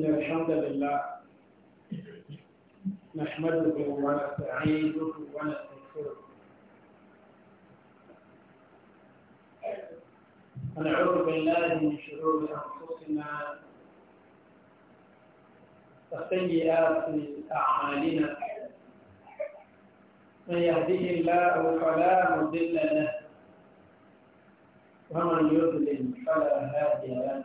إن الحمد لله نحمده ونستعينه ونستغفره ونعوذ بالله من شرور أنفسنا وسيئات أعمالنا من يهديه الله فلا مضل له ومن يضلل فلا هادي له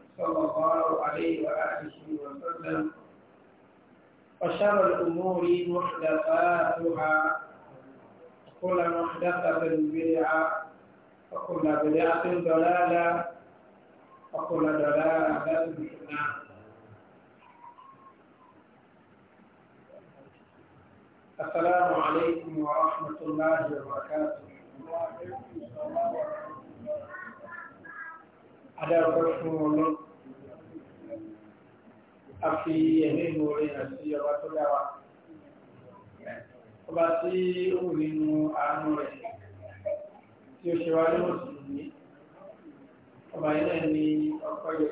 صلى الله عليه وآله وسلم وشر الأمور محدثاتها وكل محدثة بدعة وكل بدعة ضلالة وكل ضلالة بدعة السلام عليكم ورحمة الله وبركاته على رسول الله àfi ẹ̀mí ìmòore àti ọba tó dá wa ọba tí ó wù nínú àánú rẹ̀ tí ó ṣe wá lọ́wọ́ sí ní ọba ilẹ̀ ní ọkọ̀ yẹ.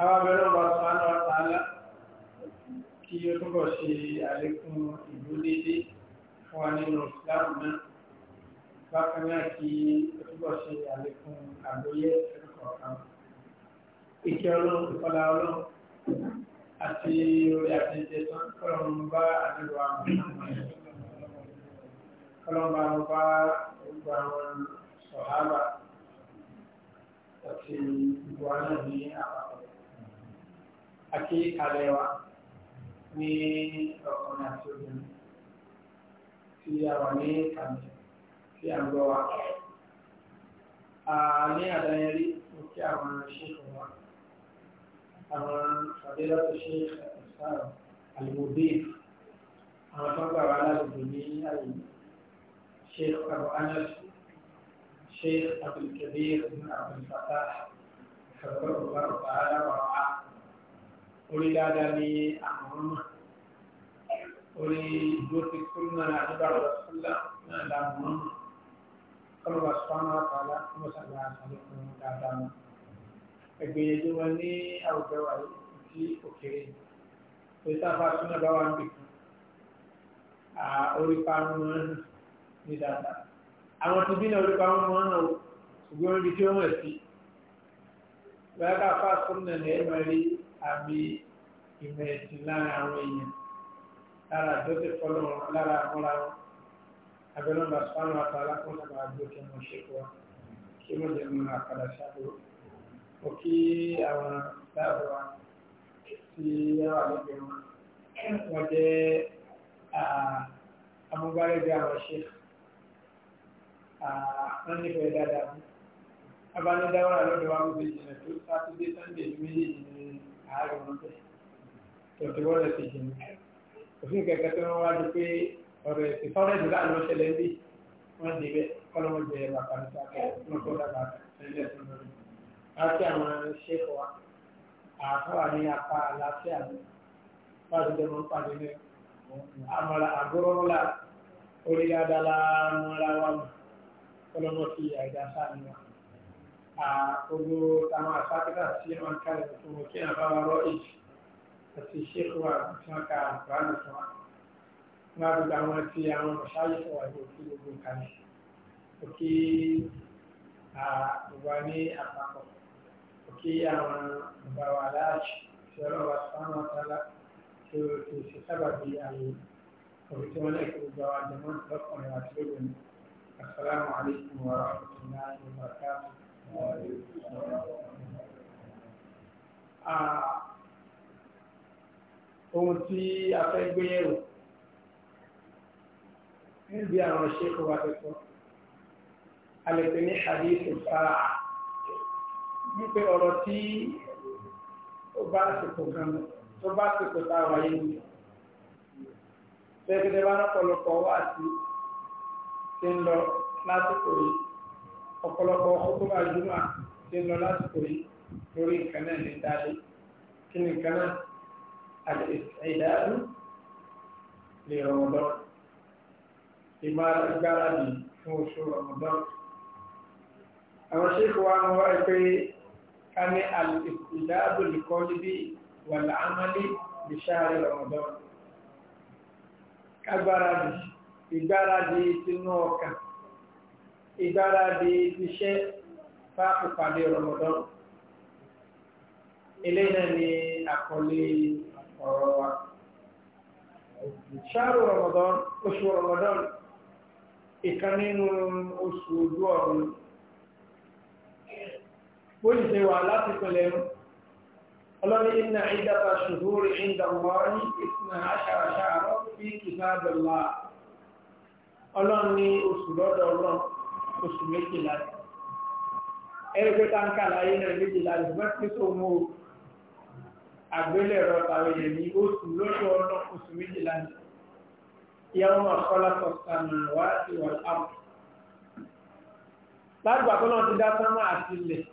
Àwọn abẹ́rẹ́ ọba tó máa ń lọ sáálá kí ó túbọ̀ ṣe àlékún ìlú dédé fún wa nínú ìsìláàmù náà. Bákan náà kí ó túbọ̀ ṣe àlékún àgbóyé ẹ̀kọ́ kan ìkẹ́ ọlọ́run ìfọlá ọlọ́run àti orí àtẹ̀jẹ̀ tán kọ́lọ́run bá àdúrà àwọn kọ́lọ́run bá wọn bá gbogbo àwọn sọ̀hábà àti gbogbo àwọn ní àpapọ̀ àti kalẹ̀ wa ní ọkùnrin àti obìnrin tí a wà ní kàmì tí a ń gbọ́ wa. Ní àdáyẹrí, mo kí àwọn ṣe fún wa. عن فضيلة الشيخ الأستاذ المضيف عن فضل على الدنيا الشيخ أبو أنس الشيخ عبد الكبير بن عبد الفتاح حفظه الله تعالى ورعاه أولي لاداني أمهم أولي دوتي كلنا نعجب على رسول الله نعجب أمهم قلوا سبحانه وتعالى وصلى الله سيدنا وسلم ẹgbẹ̀yẹjọ wọn ní àwùjọ wa ti òkèèrè torí sáfà súnà bá wà ń bì kan orí parun wọn ní dáadáa àwọn tó bí náà orí parun wọn náà ṣùgbọ́n orí tí wọ́n wẹ̀ sí bẹ́ẹ̀ bá fà súnà ní ẹ̀mọ́ rí àmì ìmọ̀ ẹ̀sìn lára àwọn èèyàn lára àjọṣe fọlọ́run lára àmúra wọn abẹ́lọ́dà sọ́nà àtàlákùnrin àgbà àjọṣe mọ̀ ṣe kọ́ ṣé mo lè mú àkàdà ṣáàbùrù mo kí àwọn dáàbò wa tí àwọn àlejò wọn wọ́n jẹ́ amúgbálẹ́gbẹ̀ àwọn ṣe wọ́n nífẹ̀ẹ́ dáadáa mú abánidáwọ̀ àlọ́dọ̀ wa gbogbo ìjìnlẹ̀ tó sátidé sunday ní méjèèjì ní àárọ̀ wọn bẹ̀ tọ̀tíwọ́lẹ̀ ti jìnnà òfin kẹ̀kẹ́ tó wọ́n wá di pé ọ̀rọ̀ ẹ̀sìn fọ́nrẹ́ ìdílé àná ṣẹlẹ̀ ń bì wọ́n débẹ̀ kọ́lọ́mọ̀jẹ̀ bàbá nípa kẹ́ wọ́n tó dàgbà láti àwọn ṣẹ́kọ̀ wa àtọ́wà ní apá àlàáfíà mi láti jẹun pàdé ní àmàlà àgọ́rọ́lá orí dáadáa lára wa mọ̀ ọlọ́mọ fi àìdá sáàmì wa. Àkókò táwọn àsákítà sí máa ń kálẹ̀ fún mi kí àbá wa rọ èjì àti ṣẹ́kọ̀ wa tí wọ́n ka àgbáàmì fún wa. Wọ́n á gbogbo àwọn ti àwọn mọ̀ṣáyé fún wa ní òkú gbogbo nǹkan ní. Òkè àgbà ní àpapọ̀ kí àwọn bàbá wa láàṣì tí ọlọ́wà sáwọn ọ̀tàlá tí ó ti ṣe sábàbí àyè òbí tí wọ́n lè kó gba wa jẹmọ́ lọ́kùnrin àti lóbìnrin asalaamu alaykum wa rahmatulahi wa barakatuh. ohun tí a fẹ́ gbé yẹ̀wò níbi àwọn ṣe kó wa tẹ̀kọ́ alẹ́ pé ní hadith sáà wípé ọ̀rọ̀ tí ó bá sèpò gan tó bá sèpò tá a wáyé ni tẹ́gẹ́dẹ́ bá lọ́pọ̀lọpọ̀ wá sí ti ń lọ lásìkò yìí ọ̀pọ̀lọpọ̀ ọkọ̀ bá jùmọ̀ ti ń lọ lásìkò yìí lórí nǹkan náà ní dáadé kí ni nǹkan náà àti ìdáadú lè rọmọdọ́ ìmọ̀ agbára yìí fún oṣù rọmọdọ́ àwọn ṣèkò wa ń wá pé kani al-istidabu likolibi wal-amali bi shahri ramadan kagbaradi ìgbáradì tinú ọkàn ìgbáradì iṣẹ́ fáàpù pàdé ramadan eléyìí náà ni àkọlé ọ̀rọ̀ wa shahru ramadan oṣù ramadan ìkan nínú oṣù ojú ọ̀run bóyí ṣe wà láti pẹ̀lẹ̀ mú ọlọ́ni iná ìdáta ṣùgbórí ìdàmọ́rí ìsinà aṣàṣàrọ̀ bí kìtàbẹ̀lá ọlọ́ni oṣù lọ́dọ̀ ọlọ́n oṣù méjìlá ẹgbẹ́ táǹkà láyé náà méjìlá ìgbẹ́sọ̀ mú àgbélẹ̀rọ tàwọn èèyàn ní oṣù lọ́dọ̀ ọlọ́n oṣù méjìlá ní yàwọn àkọlá kọ̀ọ̀kan wá sí wà lágbàtọ́lọ́ ti dá sánmà àti ilẹ̀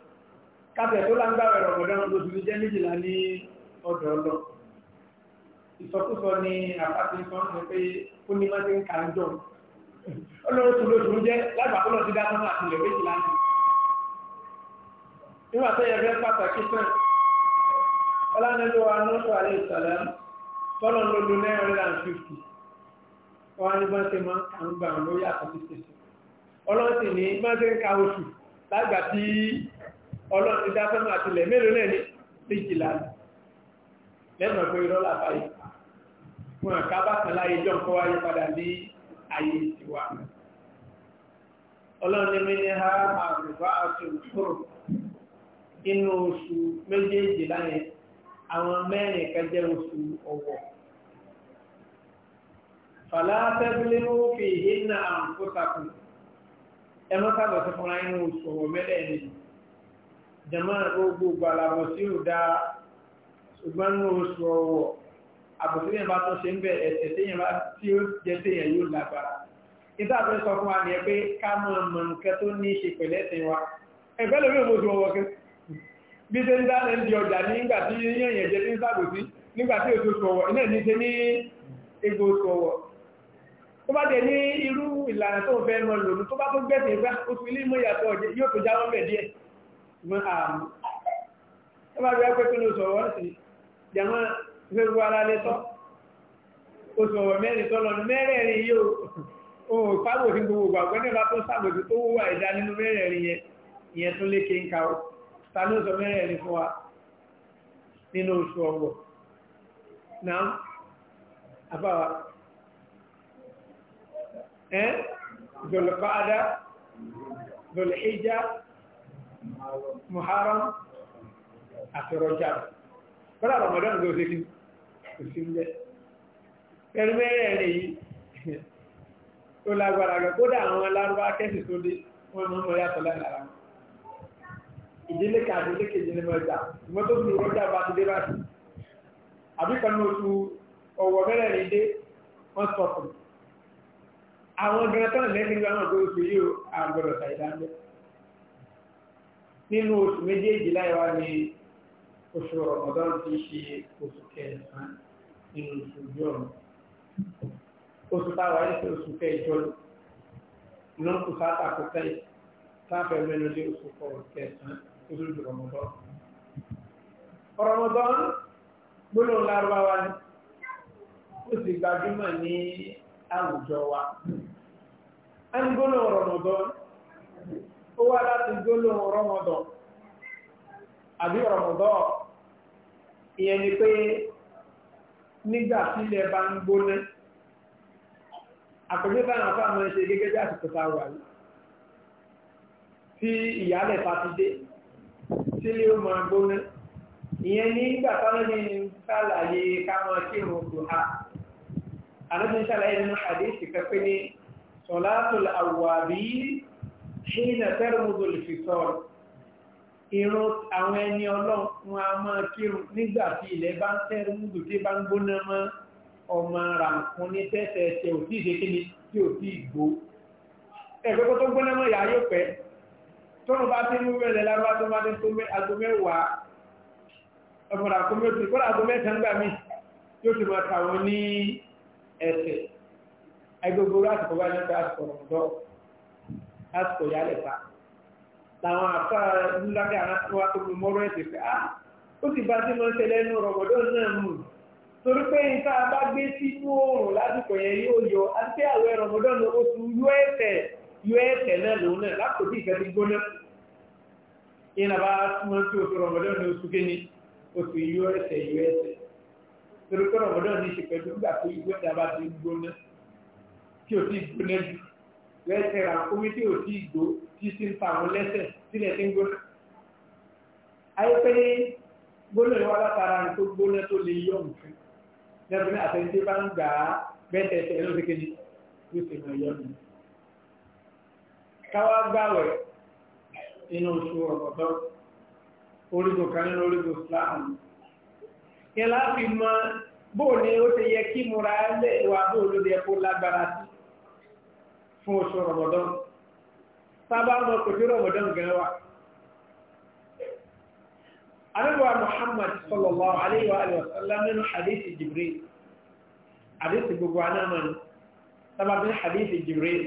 káfẹ̀ tó lágbára ẹ̀rọ ọ̀gbọ̀dán lóṣù ní jẹ́ méjìlá ní ọ̀dọ̀ ọlọ́ ìsọkúsọ ni àpáti sọ́n ní pé ó ní máa ti ń ka ń jọ olóṣù lóṣù ń jẹ́ lágbàá tó lọ sí dáná àti ilẹ̀ méjìlá ní. nígbà tó yẹ fẹ́ pàtàkì sàn ọlánàlú wa nọ́ọ̀tù alẹ́ ìsàlẹ̀ tọ́lọ̀ lọ́dún nine hundred and fifty wọn ní bọ́n ṣe máa ọlọ́run ti dá sọ́nà àtìlẹ̀ mélòó náà ní méjìlá lẹ́mọ̀ pé irọ́ làbá yìí fún àká bákan láyé jọ nǹkan wáyé padà ní ayé tiwa ọlọ́run ní mi ní ha àrùbá àtúntò inú oṣù méjèèjì láyé àwọn mẹ́rin kẹjẹ oṣù ọ̀wọ̀ fàlátẹ́bílẹ́wò fi ìhìnà àǹkótakùn ẹmọ́sàbọ̀ tó fọ́nra inú oṣù ọ̀wọ̀ mẹ́rẹ̀ẹ́rin jẹmọ́ gbogbo gbàlàbọ̀ sí ò dáa ṣùgbọ́n ní oṣù ọwọ́ àbòsílẹ̀ bá tó ṣe ń bẹ̀ ẹ̀sẹ̀ téèyàn bá tí ó jẹ́ téèyàn yóò lágbára nígbà tó sọ fún wa ni ẹ pé ká mọ ọmọ nǹkan tó ní í ṣe pẹ̀lú ẹ̀sìn wa ẹgbẹ́ lórí òmòdù ọwọ́ kí bí ṣe ń dáná di ọjà jẹ tí èso sọ tó bá dé ní irú ìlànà tó fẹ́ mọ lòlù tó bá tó gbẹ̀sìn gbá oṣù ilé ìmọ̀ ìyàtọ̀ yóò tó jáwọ́ mẹ́ díẹ̀ mọ́ àmú ẹ bá bí ẹgbẹ́ tó ló sọ̀rọ̀ sí jàmọ́ gbogbo ara lè tọ́ ó mẹ́rin tọ́ lọ́nà mẹ́rẹ̀ẹ̀rin yóò ohun ìpágbò gbogbo gbàgbọ́ nípa tó sàgbòjú tó wúwà ìdá nínú mẹ́rẹ̀ẹ̀rin yẹn ìyẹn tó lékè muharram àti rọjà bọ́lá ramadan ló ṣe kí kò sí ilẹ̀ pẹ̀lú mẹ́rẹ̀ rẹ̀ yìí tó lágbára gẹ̀ kódà àwọn alárúbá kẹ́sì tó dé wọ́n mọ́ mọ́ yàtọ̀ lára ìdílé kan àti ilé kejì ni mo gbà ìmọ́ tó fi rọjà bá ti dé bá ti àbí kan ní oṣù ọ̀wọ̀ mẹ́rẹ̀ wọ́n sọ̀tún àwọn gẹ̀rẹ́ tán lẹ́nu ìlú àwọn àgbẹ̀rẹ̀ nínú oṣù méjèèjì láìwá ní oṣù Ramadan ti ṣe oṣù kẹsàn-án nínú oṣù ìjọ oṣù táwa ní sí oṣù kẹjọ náà kò sáà kò sẹ́yìn sáfẹ́ mẹ́nu lé oṣù kẹsàn-án oṣù ìjọ Ramadan Ramadan gbólóhùn lárúbáwá ni ó sì gbajúmọ̀ ní àwùjọ wa a ń gbólóhùn ó wá láti gbólóhùn rọmọdọ̀ àbí rọmọdọ̀ ìyẹn ni pé nígbà sílẹ̀ bá ń gbóná àpèjẹ táwọn afáàmọ ṣe gẹ́gẹ́ bí a wà yìí tí ìyálẹ̀ dee ti dé sílé ó máa gbóná ìyẹn nígbà táwọn ní sàlàyé ha sàlàyé nínú ṣíìnà tẹ́rùmùdò lè fi sọ̀rọ̀ ìrun àwọn ẹni ọlọ́run wọn a máa kírun nígbà tí ilẹ̀ bá ń tẹ́rùmùdò tí bá ń gbóná mọ́ ọmọ ràǹkún ní tẹ́tẹ̀ ẹ̀ṣẹ̀ ò tí ìṣe kíni tí ò tí ìgbó ẹ̀kọ́kọ́ tó gbóná mọ́ yàá yóò pẹ́ tọ́nù bá ti mú mẹ́lẹ̀ lábá tó bá àsìkò yálẹ̀ fa làwọn àfa lúlákẹ́ àwọn wa tó fi mọ́rọ́ ẹ̀sìn pé ah ó sì bá sí mọ́tẹ́ lẹ́nu rọ̀bọ̀dọ́ náà mú torí pé nǹkan abá gbé sínú oòrùn lásìkò yẹn yóò yọ àti pé àwẹ̀ rọ̀bọ̀dọ́ náà ó tún yọ ẹ̀tẹ̀ yọ ẹ̀tẹ̀ náà lòun náà lákòókò ìfẹ́ ti gbóná ìyẹn àbá túmọ̀ sí oṣù rọ̀bọ̀dọ́ náà oṣù kéne oṣù yọ ẹ̀tẹ̀ yọ ẹ̀tẹ̀ torí pé rọ̀bọ̀dọ́ ní ìṣèpẹ̀lú nígbà tó ìgbésẹ̀ abá ti gbóná tí ò lẹ́sẹ̀ ra omi tí ò tí ìgbó tí sí ń pa àwọn lẹ́sẹ̀ sílẹ̀ tí ń gbóná. ayé pé gbóná ìwà látara ní tó gbóná tó lè yọ nǹkan lẹ́bi ní àtẹ̀sí bá ń gbà á bẹ́ẹ̀ tẹ̀ ló fi kéde ló sì máa yọ nù. káwá gbàwẹ̀ inú oṣù ọ̀pọ̀tọ́ orígun kan nínú orígun Islam. yẹn láti mọ bóòlù ó ti yẹ kí múra lẹ́wà bóòlù yẹ kó lágbára sí fún oṣù rọmọdán sábà mọ kò sí rọmọdán gan wa muhammad sallallahu alaihi wa alihi wa sallam nínú hadith jibril hadith gbogbo anamani sábà bí hadith jibril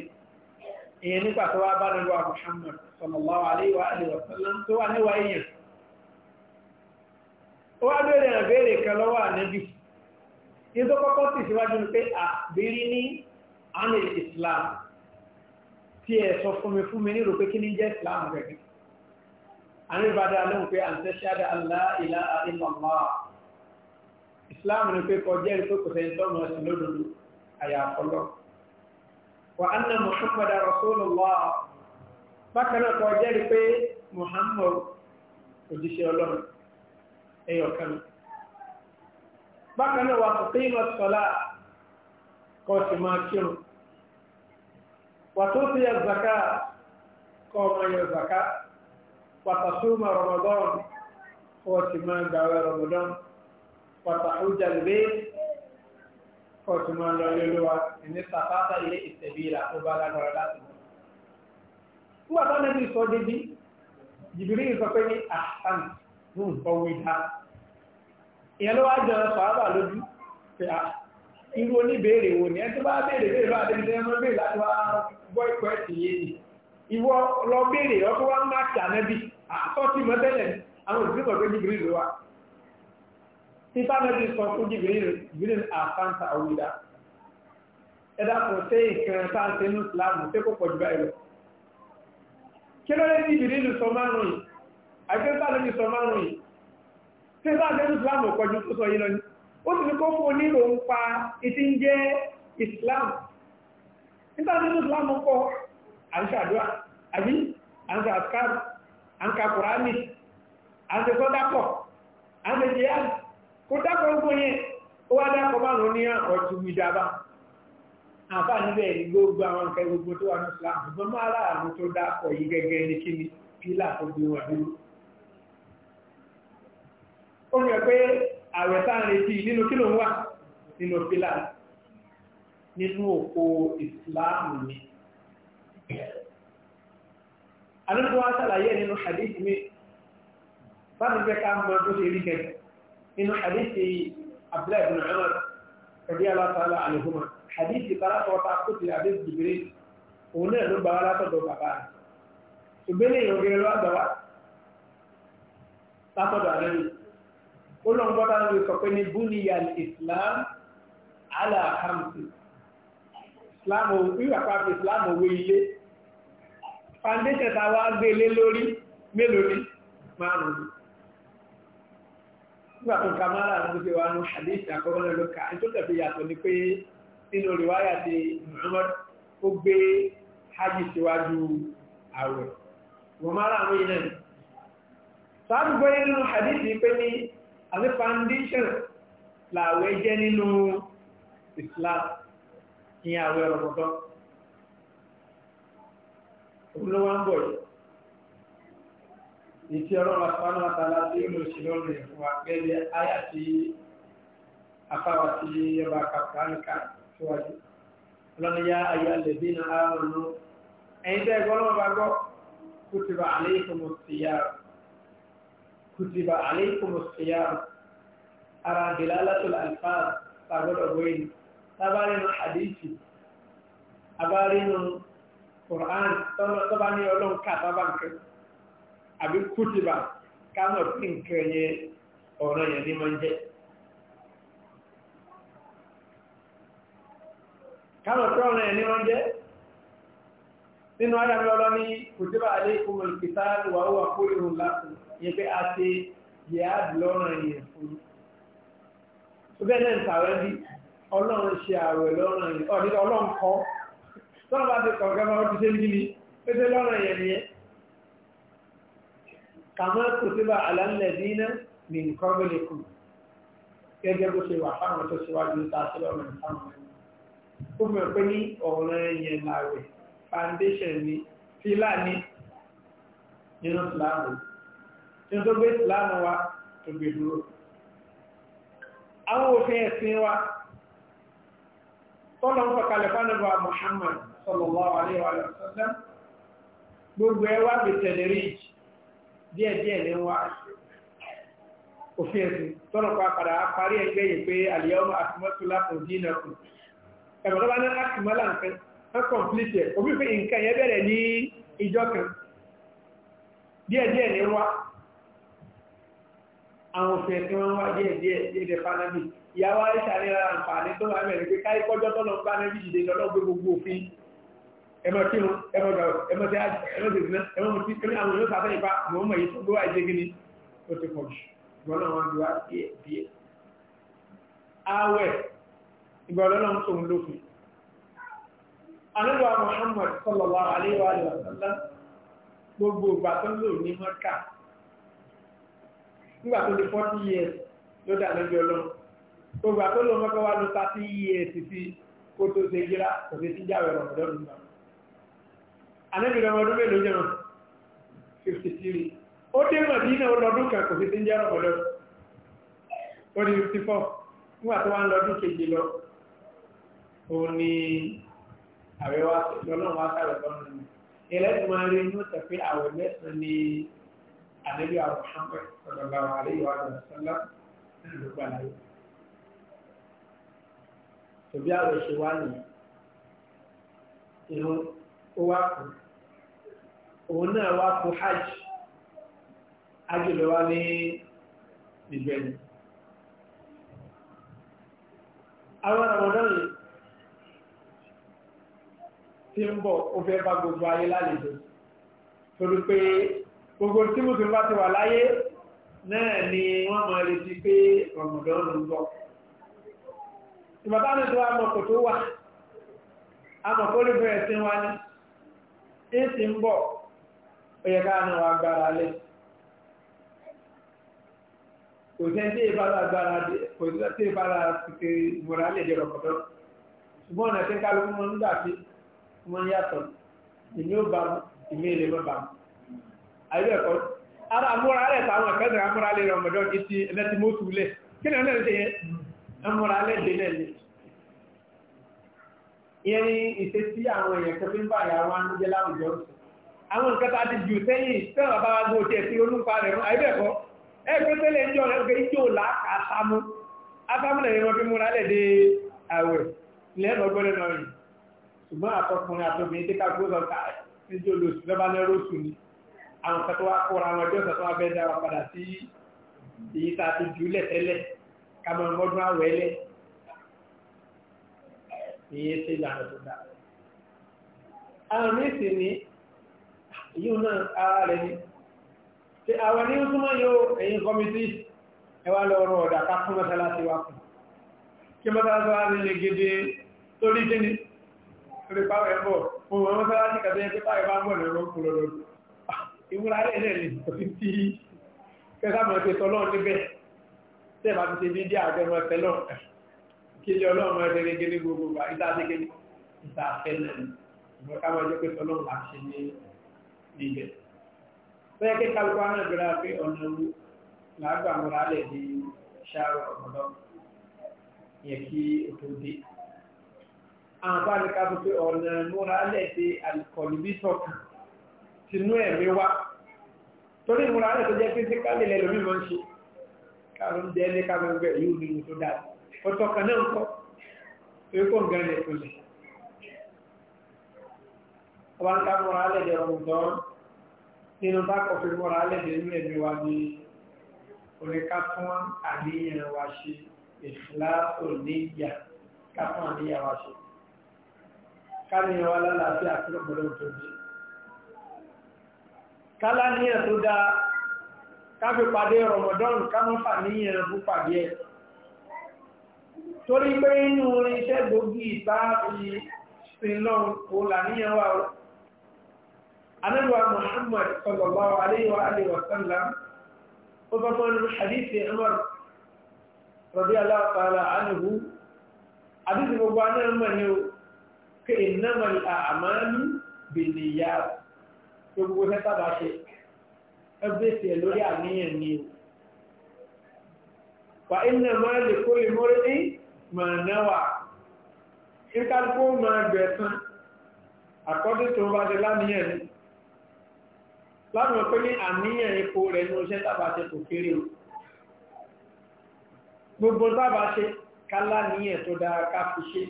ìyẹn nípa tó wá bá anabuwa muhammad sallallahu alaihi wa alihi wa sallam tó wà níwá èèyàn ó wá bèèrè àbẹ́rẹ̀ kan lọ́wọ́ síwájú ni pé àbírí ní anil islam tí ẹ sọ fún mi fún mi nílò pé kí ní jẹ́ islam gẹ̀gẹ̀. àríbádá lóhun pé àǹtẹ́ ṣáda Allah ilaha illallah islam ni pé kọjẹ́ rí pé kò sẹ́yìn tọ́nà ẹ̀sìn lódodo àyàfọ́lọ́ wa muhammad rasulullah bákan náà kọjẹ́ muhammad òjíṣẹ́ ọlọ́run ẹyọ kan bákan náà wà fún pé ìmọ̀ sọ́lá وتؤتي الزكاة قوم الزكاة وتصوم رمضان وتمان دعوة رمضان وتحوج البيت وتمان لولوا إن استطعت إليه السبيل وبالا نرلاته هو أنا في صديقي جبريل فقني أحسن هم قويها يلو أجل صعبة لدي في أحسن irú oníbèèrè wò ní ẹtí bá béèrè béèrè bá dẹni tẹ́lẹ̀ mọ́ béèrè láti wá gbọ́ ìkọ́ ẹ̀sì yìí ni ìwọ lọ béèrè ọkọ̀ wá má kí ànẹ́bí àtọ́sí mọ́ tẹ́lẹ̀ àwọn òṣìṣẹ́ sọ pé jìbìrì ló wá títà mẹ́bí sọ fún jìbìrì jìbìrì àfáǹsà òwúdà ẹ dàpọ̀ sí ìkan sáǹsẹ̀ ní ìsìlámù tó kò pọ̀ jù báyìí lọ kí ló lé jìbìrì lù sọ márùn-ún yìí àti ó sì ní kó fún onílò ń pa ìtí Islam nígbà Islam pọ̀ àbí àǹsà àkàr àǹkà kùránì àǹsà sọ́dápọ̀ àǹsà jihad kò dápọ̀ ń gbóyẹ ó wá dápọ̀ máa lọ ní ọ̀tún ìjàmbá àbá níbẹ̀ gbogbo àwọn nǹkan gbogbo tó wà ní Islam ṣùgbọ́n tó dápọ̀ yìí gẹ́gẹ́ ní pílà ààrẹ tá à ń retí nínú kí ló ń wà nínú pílà nínú òkò ìsìláàmù ni alóòtú wa sàlàyé nínú hadith mi báwo fẹ́ ká mọ tó ṣe rí gẹ̀ẹ́ nínú hadith abdullahi bin umar rabi alasala alihuma hadith tara tọ́ta kó ti adé jìbìrì òun náà ló gbà wá látọ̀dọ̀ bàbá rẹ̀ ṣùgbọ́n ní ìrògẹ́rẹ́ lọ́wọ́ gbà wá látọ̀dọ̀ àdéhùn olóńgbò bá ń lè sọ pé ní islam ala hamsi islam ò wíwà pàtó islam owó ilé foundation ta wá gbé lé lórí mélòó ni márùn-ún nígbà tó ka máa láàrín gbogbo wa ní hadith àkọ́kọ́ náà ló ka ẹni tó tẹ̀fẹ́ yàtọ̀ ni pé nínú rìwáyà ti Muhammad ó gbé hajj síwájú ààwẹ̀ wọ́n máa láàrín yìí náà sọ àdúgbò yìí nínú hadith yìí pé ní àti foundation làwẹ̀ jẹ́ nínú Islam ìyẹn àwẹ̀ ọ̀rọ̀mọ̀tọ́ òun ló wá ń bọ̀ yìí ìtí ọlọ́run àpáná àtàlá tí ó lò sí lọ́rùn ìfún wa gẹ́gẹ́ àyà tí afáwa tí ọba kàkà nìka síwájú ọlọ́run yá ayé alẹ́bí náà á rọrùn ẹ̀yin tẹ́ ẹ̀gbọ́n náà bá gbọ́ kó ti bá àlééfòmù sí yára kutiba aleikum siyam ara dilalatul alfaz tagodo goyin tabarinu hadisi abarinu qur'an tọ́nà tọ́ba ní ọlọ́run kàtà bá nǹkan àbí kutiba káwọn tí nǹkan yẹn ọ̀rọ̀ yẹn ní máa ń jẹ́ káwọn tí ọ̀rọ̀ nínú ara mi ọlọ́ni kutiba alaykumul qital wa huwa kurhun lakum yẹ pé a ṣe jihad lọ́rùn yẹn fún yín. ó bẹ́ẹ̀ náà ń tàwẹ́ bí ọlọ́run ṣe àwẹ̀ lọ́rùn yẹn ọ̀ nígbà ọlọ́run kọ́ tọ́lá bá ti kọ̀ foundation ni fílà ní nínú ìsìláàmù tí ó tó gbé ìsìláàmù wa tó gbé dúró àwọn òfin ẹ̀sìn wa tọ́lọ ń fọkalẹ̀ fánàbà Muhammad sallallahu alaihi wa sallam gbogbo ẹwà bẹ̀tẹ̀lẹ̀ ríj díẹ̀díẹ̀ ní wá òfin ẹ̀sìn tọ́lọ pàpàdà parí ẹgbẹ́ yìí pé al-yawma akmaltu lakum dinakum ẹ̀mọ̀ tó bá ní akmala nǹkan wọ́n complete ẹ̀ òfin pé nǹkan yẹn bẹ̀rẹ̀ ní ìjọ kan díẹ̀díẹ̀ ní wá àwọn òfin ẹ̀sìn wọn wá díẹ̀díẹ̀ díẹ̀díẹ̀ fanabi ìyàwó àìsà ní ara àǹfààní tó wà mẹ́rin pé káyí kọjọ́ tọ́lọ ń bá nẹ́bí ìdè lọ́dọ́ gbé gbogbo òfin ẹmọ tí wọn ẹmọ gàwọ ẹmọ tí ẹmọ tí ìdìnnà ẹmọ tí ẹmọ àwọn yóò sáfẹ́ ìpa mọ̀ mọ̀ yìí tó gbé wá ìdè gíní ó ti pọ̀ jù ìgbọ́n náà wọn dùn á díẹ̀ díẹ̀ ààwẹ̀ ìgbọ́n náà ń tòun lófin àníwá Muhammad sallallahu alaihi wa sallam gbogbo ìgbà tó lò ní mọ́kà nígbà tó lè 40 years ló dà lójú ọlọ́run gbogbo àtó lò mọ́kà wá ló 30 years sí kó tó ṣe jíra kò sí síjáwé rọ̀mọ̀dọ́ nígbà àníbi rọmọdún mélòó jẹ́ wọn 53 ó dé Mádínà ọlọ́dún àwẹ̀ wa lọ́lọ́run wá sàrẹ̀ lọ́rùn ni ẹlẹ́sìn máa rí inú tẹ̀fẹ́ àwẹ̀ mẹ́sàn-án ni ànábì àwọn Muhammad sallallahu alaihi wa sallam nínú gbogbo àlàyé tòbí àwẹ̀ ṣe wá nìyí ìlú ó wá kú òun náà wá kú hajj hajj ló wá ní ìgbẹ̀yìn àwọn ọmọdé yìí tí ń bọ̀ ó fẹ́ bá gbogbo ayé lálejò torí pé gbogbo tí mùsùlùmí bá ti wà láyé náà ni wọ́n máa retí pé ọ̀mọ̀dọ́ ló ń bọ̀ ìbàbá náà tó wà mọ̀kò tó wà amọ̀kórí bẹ̀rẹ̀ sí wá ní ìsì ń bọ̀ ọ̀yẹ̀ká náà wà gbára lẹ̀ kò tẹ́ tí ìbára gbára kò tẹ́ tí ìbára kìkì ìmọ̀ra lè jẹ́ rọ̀kọ̀tọ̀ ṣùgbọ́n ọ̀nà tí kálukú mọ́ nígbà tí wọ́n yàtọ̀ ìní ó bá ìmí ilé mọ́ bá ayé ẹ̀kọ́ ara amúra alẹ́ táwọn akẹ́sẹ̀ amúra alẹ́ rọmọdọ́ kí ti ẹlẹ́tí mọ́ túlẹ̀ kí ni ọlẹ́rìn tẹ́yẹ amúra alẹ́ dé náà ni ìyẹn ni ìṣe sí àwọn èèyàn tó fi ń bá àyà wọn jẹ́ láwùjọ àwọn nǹkan tá a ti jù sẹ́yìn tẹ́wọ̀n bá wa gbọ́ tiẹ̀ sí olúpa rẹ̀ mọ́ ayé ẹ̀kọ́ ẹgbẹ́ tẹ́lẹ̀ ń jọ rẹ̀ gbé ijó làákà sámú asámú lẹ́yìn wọn fi múra alẹ́ dé àwẹ̀ lẹ́nu ọgbọ́n lẹ́nu ọ̀yìn ṣùgbọ́n àtọkùnrin àtọbìnrin tí ká gbọ́dọ̀ ká níjó lóṣù lọ́ba ní róṣù ni àwọn kan tó wá kóra wọn ẹjọ́ tó wá fẹ́ dá wa padà sí èyí tá a ti jù lẹ̀ tẹ́lẹ̀ ká mọ ọmọdún àwẹ̀ lẹ̀ ìyẹn ṣe ìlànà tó dáa. àwọn míì sì ní yíò náà ara rẹ̀ ni ṣe àwọn ní ó yóò ẹ̀yìn kọ́mítì ẹ wá lọ rọ ọ̀dà ká fún mọ́sálásí wa kù kí torí kí ni lórí pápá ẹ̀bọ̀ mo mọ̀ wọ́n sára sí kàtẹ́ yẹn pé pápá ẹ̀bá ń bọ̀ lọ́rọ́ ń kúrò lọ́dún ah, ìwúra rẹ̀ náà lè kò sí tí kẹta mọ̀ ṣe tọ́lọ́ níbẹ̀ tẹ́ bá ti ṣe bí díà àgbẹ̀ mọ̀ tẹ́lọ̀ kí ilé ọlọ́run ẹ̀ tẹ́lẹ̀ gẹ́gẹ́ gbogbo gbà ìta ṣe gẹ́gẹ́ ìta fẹ́ lẹ́nu ìmọ̀ ká máa jẹ́ pé tọ́lọ́ là ń ṣe ní ibẹ̀. bẹ́ẹ̀ kí kálukú á náà gbéra pé ọ̀nà ewu làágbà mọ́ra lẹ̀ di ṣáà ọ̀gbọ̀dọ̀ yẹ kí òtò dé àǹfààní ká tó pé ọ̀nà múra lẹ́ẹ̀dẹ́ àlùkọ̀lùbítọ̀ kan tinú ẹ̀mí wá torí múra lẹ́ẹ̀ tó jẹ́ pé sí kálẹ̀ lẹ́lọ mímọ́ ń ṣe káàrọ̀ ń jẹ́ ní káàrọ̀ ń gbẹ̀ yóò ní mo tó dáa ọ̀tọ̀ kan náà ń kọ́ pé kó ń gan lẹ́kọ̀ọ́lẹ̀ ọba ń ká múra lẹ́ẹ̀dẹ́ ọmọ ìtọ́rọ̀ nínú bá kọfí mọ́ra lẹ́dẹ̀ inú ẹ̀mí wa ní oníkàtún àníyàn wa àníyàn wa ṣe káníyàn wá lálàáfíà kúrò pẹ̀lú tó jí kálá ní ẹ̀ tó dáa káfí pàdé rọmọdọ́nù kámọ́fà níyàn bú pàdé ẹ̀ torí pé inú iṣẹ́ gbòógì ìta fi sílọ́n kó làníyàn wà Muhammad sallallahu alayhi wa alihi wa sallam ó bá mọ́ nínú hadithi Umar radiyallahu ta'ala anhu gbogbo anáyàn mọ̀ ní o pé ìnáwó àmàlú bènìyà gbogbo sẹ́tà bá ṣe ẹgbẹ́ tiẹ̀ lórí àníyàn ni o. wà iná máa lè kó lè mọ́rí ní màánáwà kíkálukú máa gbẹ̀sán àkọ́dé tó ń bá ṣe láníyàn ni láwọn pé ní àníyàn ipò rẹ̀ ní oṣẹ́ tábà ṣe kò kéré o gbogbo tábà ṣe kálá tó dáa ká fi ṣe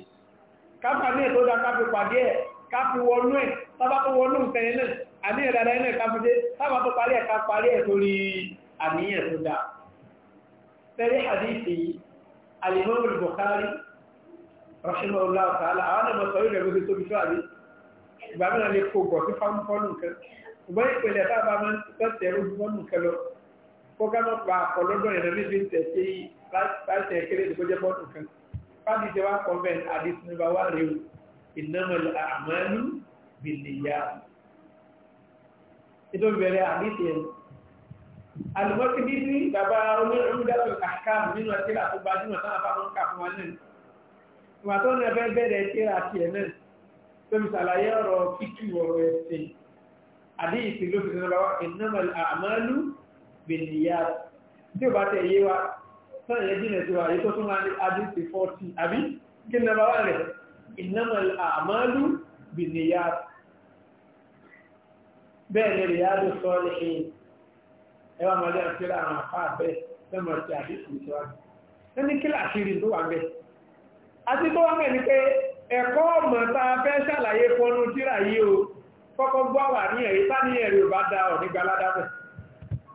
káfà ní ètò dá káfí pàdé ẹ̀ káfí wọnú ẹ̀ sábà tó wọnú ìfẹ̀yẹ náà àní ẹ̀dàdà iná káfí dé sábà tó parí ẹ̀ká parí ẹ̀ torí àníyàn tó pẹ̀lú àdíṣì Al-Imam Bukhari rahimahullah ta'ala àwọn ọmọ sọ ilẹ̀ gbogbo tóbi tó àbí ìgbà mìíràn lè kó gbọ̀ sí fáńfọ́nù nǹkan ṣùgbọ́n ìpìlẹ̀ bá bá máa ń tẹ̀sẹ̀ rú fọ́nù nǹkan fáti jẹ́ wá kọ́mẹ́t àdìsí nípa wá rèé ìnáwó àmọ́lú bìnnìyà ètò ìbẹ̀rẹ̀ àdìsí ẹ̀ alùmọ́sí bí ní bàbá onídàtò àkàmù nínú ẹ̀kíra tó gbajúmọ̀ sáà fáwọn kà fún wa náà ìwà tó náà fẹ́ bẹ̀rẹ̀ ẹ̀kíra tiẹ̀ náà tó fi sàlàyé ọ̀rọ̀ fíkì ọ̀rọ̀ ẹ̀sìn àdìsí náà yẹ jìnà sí wa yìí tó tún wá ní adìsí 40 àbí kí ní bàbá rẹ̀ innamal a'malu binniyat bẹ́ẹ̀ ni riyadu salihin ẹwà mọ́lẹ́ àfíra àwọn afá bẹ́ẹ̀ lẹ́mọ̀ sí àdìsí ìṣẹ́wájú ẹni kí làṣírí tó wà bẹ́ẹ̀ àti tó wà bẹ́ẹ̀ ni pé ẹ̀kọ́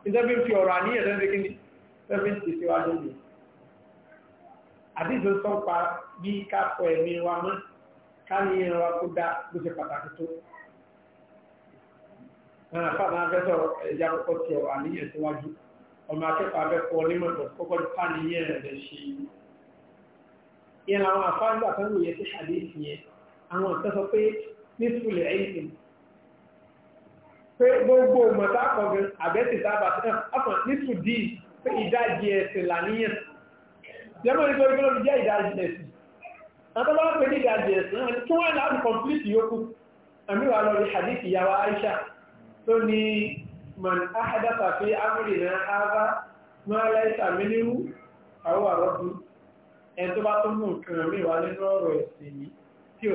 fi ọ̀rọ̀ àníyàn lẹ́nu kí ni seven ti fi wá lónìí àdìsó sọ́pa bí ká fọ ẹ̀mí wa mọ́ ká ní ẹran wa kó dá bó ṣe pàtàkì tó náà fáwọn afẹ́sọ̀ ẹ̀yà kọ́kọ́ tó àníyàn síwájú ọmọ akẹ́kọ̀ọ́ abẹ́kọ̀ onímọ̀tò kọ́kọ́ ká níyàn rẹ̀ ṣe ìran àwọn afáńgbà kan ló yẹ sí àdéhìí yẹn àwọn ìtẹ́sọ pé nísìlẹ̀ ẹ̀yìn pé gbogbo mọ̀tà kọ̀ọ̀gẹ̀ àbẹ́sì sábà náà àfọ̀n nísìlẹ̀ díì pé ìdájì ẹ̀sìn làníyàn jẹ́mọ́ ní torí kọ́lọ́bí jẹ́ ìdájì ẹ̀sìn àtọ́bá pé ní ìdájì ẹ̀sìn náà kí wọ́n láti kọ̀mplìtì yókù àmìwà lórí hadith ìyàwó Aisha tó ní man ahadasa fi amrina hadha ma laysa minhu àwọn àrọ́bù ẹni tó bá tó mú nǹkan mìíràn nínú ọ̀rọ̀ ẹ̀sìn yìí tí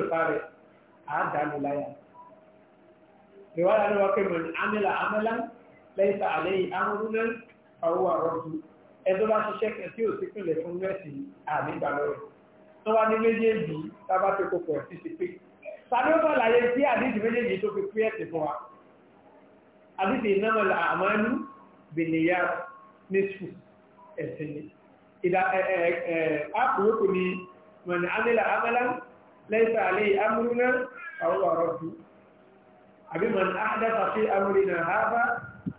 ò àwọn àrọ́jú ẹjọ́ bá ṣiṣẹ́ kan tí ò sí pínlẹ̀ fún mẹ́sì àmì ìgbàlọ́rẹ̀ tó wá ní méjèèjì tábà tó kókò ẹ̀ títí pé sàbí ó bàlàyé sí àdíjì méjèèjì tó fi pín ẹ̀sìn fún wa àdíjì ìnáwọ̀lá àmánú bènìyà nísù ẹ̀sìn ni ìdá àpòrókò ni mọ̀nà amílà amálá lẹ́sà àlẹ́ amúrúná àwọn àrọ́jú àbí mọ̀nà àdá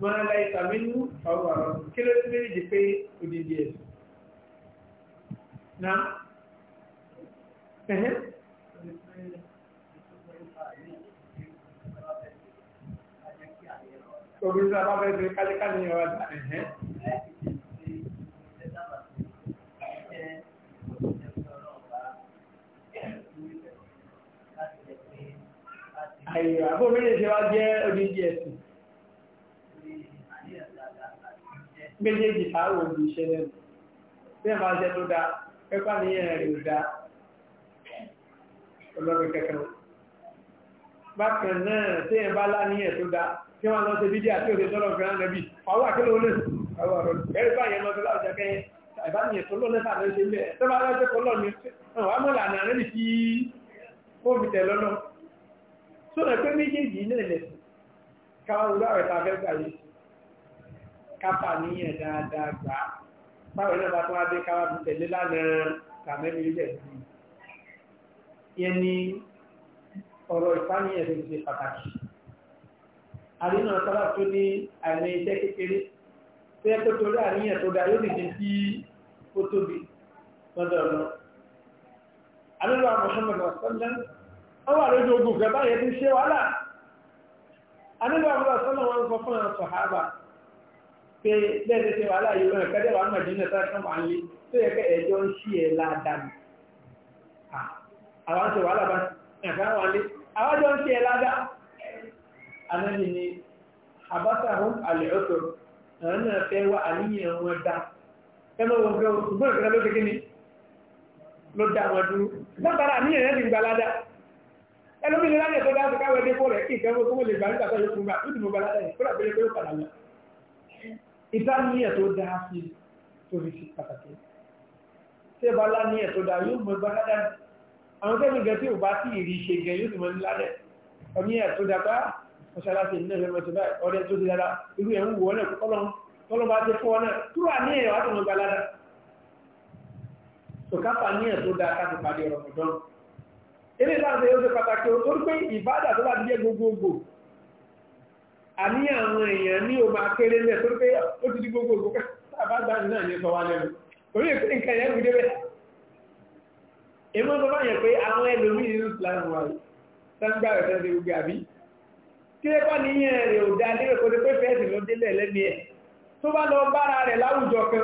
máa láì tàmínú ọ̀rọ̀ àrọ̀ kí ló tún méjì pé odidi ẹ̀ na ẹ̀hẹ́ obìnrin náà bá bẹ́ẹ̀ bẹ́ẹ̀ kájíká ní ọ̀rọ̀ àdá ẹ̀hẹ́ àyè àbọ̀ méjèèjì wá jẹ́ odidi ẹ̀sìn méjèèjì táwọn òbí iṣẹ́ lẹ́nu bí ẹ̀ máa ṣe tó dáa pẹ́pà níyẹn rẹ̀ ò dáa ọlọ́run kẹkẹ wọn. bákan náà tí ẹ̀ bá láníyẹn tó dáa tí wọ́n lọ sí bídíà tí ò ṣe tọ́lọ̀ fẹ́ràn lẹ́bí àwọn àkẹ́lẹ̀ olè àwọn ọ̀rọ̀ ẹ̀rí báyẹn lọ sí láwùjọ kẹ́yẹ àìbáyẹn tó lọ́lẹ́ tàbí ṣe ń bẹ̀ bá lọ́jọ́ kọ́ lọ́ni kápá níyàn dáadáa gbà á báwo náà bá tó wá dé káwá fi tẹ̀lé lánàá kàmẹ́rin ilẹ̀ sí yẹn ni ọ̀rọ̀ ìpánìyàn tó ṣe pàtàkì àrínà sábà tó ní àìmọ̀ iṣẹ́ kékeré tó yẹ kó torí àníyàn tó ga yóò dìde sí ó tóbi lọ́dọ̀ lọ. àlọ́lọ́ Muhammad ọ̀sánlẹ̀ ó wà lójú ogun gẹ̀bá yẹn ti ṣe wàhálà àlọ́lọ́ Muhammad ọ̀sánlẹ̀ wọn sọ fún àwọn sọ̀hábà pé bẹ́ẹ̀ ṣe wàhálà yìí lọ́nà kẹ́dẹ́ wàá mọ̀ jìnnà tá a kàn máa ń lé tó yẹ kẹ́ ẹjọ́ ń ṣí ẹ̀ ládàá ni. àwọn ṣe wàhálà bá ẹ̀fọn wà lé àwọn jọ ń ṣí ẹ̀ ládàá. anáni ni abasa hum alẹ́ ọ̀tọ̀ àwọn náà fẹ́ wá àníyàn wọn dá ẹ mọ̀ wọn fẹ́ ṣùgbọ́n ìkànnì ló ti kí ni ló dá wọn dúró. látara àníyàn yẹn ti gbà ládàá ẹlòmíì ní láyé tó dáa káwé dé kó rẹ̀ kí ìkẹ́wọ́ tó wọ́n lè gbà ìdáníyẹ̀ tó dáa sí torí sí pàtàkì tí ẹ bá láníyẹ̀ tó dáa yóò mọ̀ ẹgbẹ́ dáadáa àwọn tẹ́lẹ̀ gẹ̀ tí ò bá sí ìrì ṣe gẹ̀ yóò sì mọ̀ nílálẹ̀ ọmíyẹ̀ tó dáa bá mọ́ṣáláṣí ní ẹgbẹ́ mọ́ṣẹ́ báyìí ọdẹ tó ti dáadáa irú ẹ̀ ń wù ọ́ náà tọ́lọ́n bá ti fọ́ náà túrò àníyẹ̀ wà tó tó dáa ká ti àní àwọn èèyàn ní o máa kéré lẹ̀ tó pé ó ti di gbogbo ògbóká tàbá dáni náà ní sọ wá lẹ́nu torí èkó nǹkan yẹn fi débẹ̀ èmọ́ tó bá yẹn pé àwọn ẹlòmíì nínú plan wa sáńgbà rẹ̀ tẹ́lẹ̀ gbogbo àbí tí ẹ bá níyẹn rẹ̀ ò dá lérò kó ní pé fẹ́ẹ̀sì ló délẹ̀ lẹ́ni ẹ̀ tó bá lọ bára rẹ̀ láwùjọ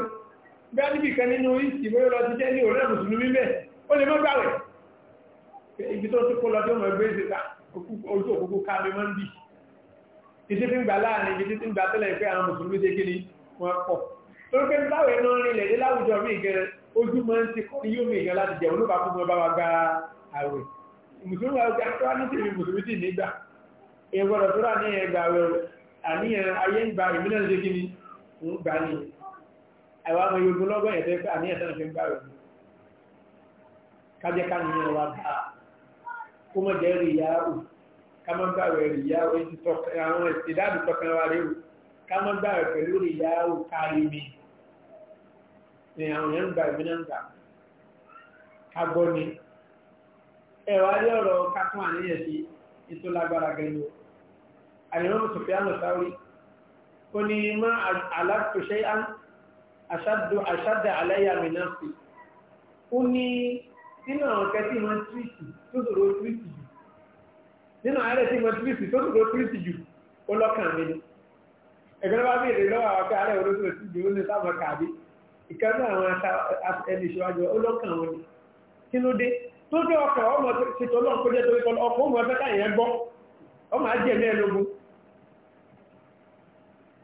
kan bí a títí fi ń gbà láàrin ibi títí ń gbà tẹ́lẹ̀ pé àwọn mùsùlùmí ṣe kíni wọn pọ̀ torí pé báwo iná rinlẹ̀ dé láwùjọ mí gẹrẹ ojú máa ń ti kọ́ ní yóò mí gẹrẹ láti jẹun ló bá fún wọn bá wa gba àwẹ̀ mùsùlùmí àwọn ọjà tó wá ní tèmi mùsùlùmí sì nígbà ìgbọ̀dọ̀ tó rà ní ẹgbà rẹ̀ àníyàn ayé ń gba ìmínà ṣe kíni ń gbà ní àwọn ọmọ yorùbá lọ́gbọ̀n ẹ̀fẹ́ pé àníyàn o kámọ́gbàwẹ̀ ríyá àwọn ìdádù tọ́kan wa rí o kámọ́gbàwẹ̀ pẹ̀lú ríyá o kárí mi ni àwọn èèyàn gbà ìbí náà gbà kágbọ́ ni ẹ̀wà rí ọ̀rọ̀ kákún àníyàn sí ètò lágbára gẹ̀ẹ́nu àyẹ̀wò mùsùlùmí sáwí ó ní má alákòṣe àṣádà aláyà mi náà sí ó ní nínú àwọn kẹtí wọn túwìtì tó sọ̀rọ̀ túwìtì jù nínú ààrẹ tí wọ́n tírísì tó tòrò tírísì jù ó lọ́kàn mi ni ẹ̀gbọ́n bá bí lọ́wọ́ àwọn akẹ́ ààrẹ olóṣèlú sí ìdí oúnjẹ sáwọn kàbí ìkẹ́lú àwọn ẹni ìṣíwájú ó lọ́kàn wọn ni kí ló dé tó dé ọkọ̀ ọmọ ṣètò ọlọ́run kó jẹ́ torí kọ́ ọkọ̀ ọmọ ẹgbẹ́ gbọ́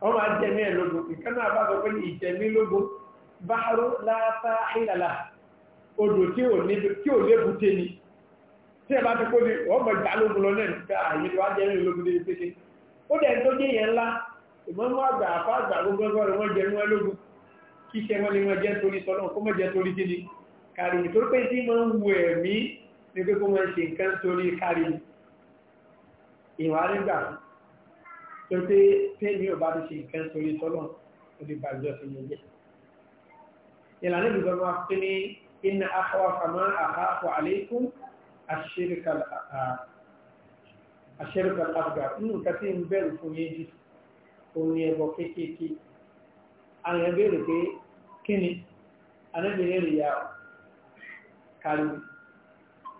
ọmọ ajẹ́ mẹ́ẹ̀lógún tí ẹ bá ti kó ní wọ́n mọ̀ ìjà lógun lọ náà ká àyè ah, wá jẹ́ ní ológun ní pété ó dẹ̀ tó jẹ́ yẹn ńlá ìmọ̀mọ́ àgbà àfá àgbà gbogbo ẹgbẹ́ rẹ̀ wọ́n jẹ́ ní wọ́n lógun kí iṣẹ́ wọn ni wọ́n jẹ́ torí sọ́nà kó mọ̀ jẹ́ torí kí ni kárí nítorí pé tí máa ń wu ẹ̀mí ní pé kó máa ṣe nǹkan torí kárí ìwà nígbà tó pé tẹ́mi ò bá ti ṣe nǹkan torí sọ́nà ó lè bàjọ́ sí yẹn jẹ́ ìlànà ìdùgbọ́n wa pé ní inna akhwafa ma akhafu alaykum àṣẹ́ríkà àgbà nínú nǹkan tí ń bẹ̀rù fún yé jù ó ní ẹbọ kéékèèké àwọn ẹgbẹ́ rẹ̀ pé kí ni anábìnrin rẹ̀ yà kàrí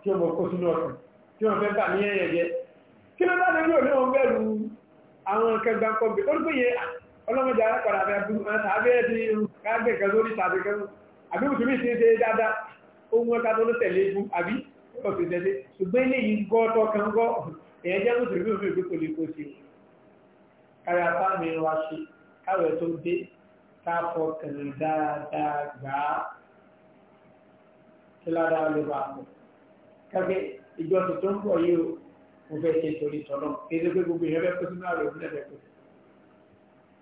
tí ó mọ̀ kó sínú ọ̀sán tí wọ́n fẹ́ bà ní ẹ̀yẹ̀ jẹ́ kí ló bá lórí òní wọn bẹ̀rù àwọn nǹkan gbàǹkọ̀gbẹ̀ ó dúpẹ́ yẹ ọlọ́mọdé arákọ̀ọ́dà abẹ́ abúlé máa tàbí ẹ̀ ti káàgbẹ̀ kan lórí tàbí kan àbí mùsùlùmí ti ń ṣe dáadáa ó mú ọ̀tá tó ló tẹ̀lé ibú àbí ọ̀sẹ̀ tẹ́lẹ̀ ṣùgbọ́n ilé yìí gọ́ tọ́kan gọ́ èyàn jẹ́ mùsùlùmí òfin ìgbé kò lè kó ṣe kárí apá mi wá ṣe káwẹ̀ tó dé káfọ́ kẹ̀lẹ̀ dáadáa gbà á tí ládàá lè bá pọ̀ kẹ́kẹ́ ìjọ tuntun pọ̀ yìí o mo fẹ́ ṣe torí tọ́lọ́ kéde pé gbogbo ìyẹn fẹ́ kó sínú àrò ìpínlẹ̀ bẹ́ẹ̀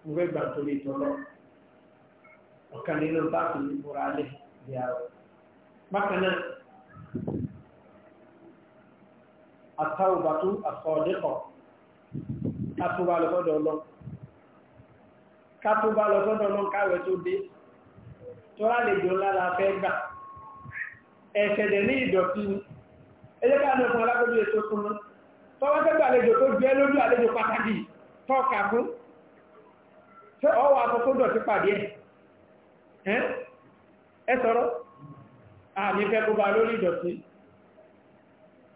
mo fẹ́ gbà torí tọ́lọ́ ọ̀kan nínú báàkì ìmúra lẹ̀ bí i àrò bákan náà àtàwùbàtú àsọ̀ọ̀dẹ́kọ̀ kátúbà lọ́sọ́dọ̀ ọlọ́n kátúbà lọ́sọ́dọ̀ ọlọ́n káwẹ̀ tó dé tó rálejò ńlá la fẹ́ gbà ẹ̀ṣẹ̀dẹ̀ ní ìdọ̀tí ni ẹjẹ́ káàdùn fún alákòójú ètò fún un tọ́wọ́ tẹ́gbà àlejò tó jẹ́ lójú àlejò pàtàkì tọ́ka fún ṣé ọwọ́ àkókò dọ̀tí pàdé ẹ̀ ẹ sọ̀rọ̀ àmì fẹ́ kó ba lórí ìdọ̀tí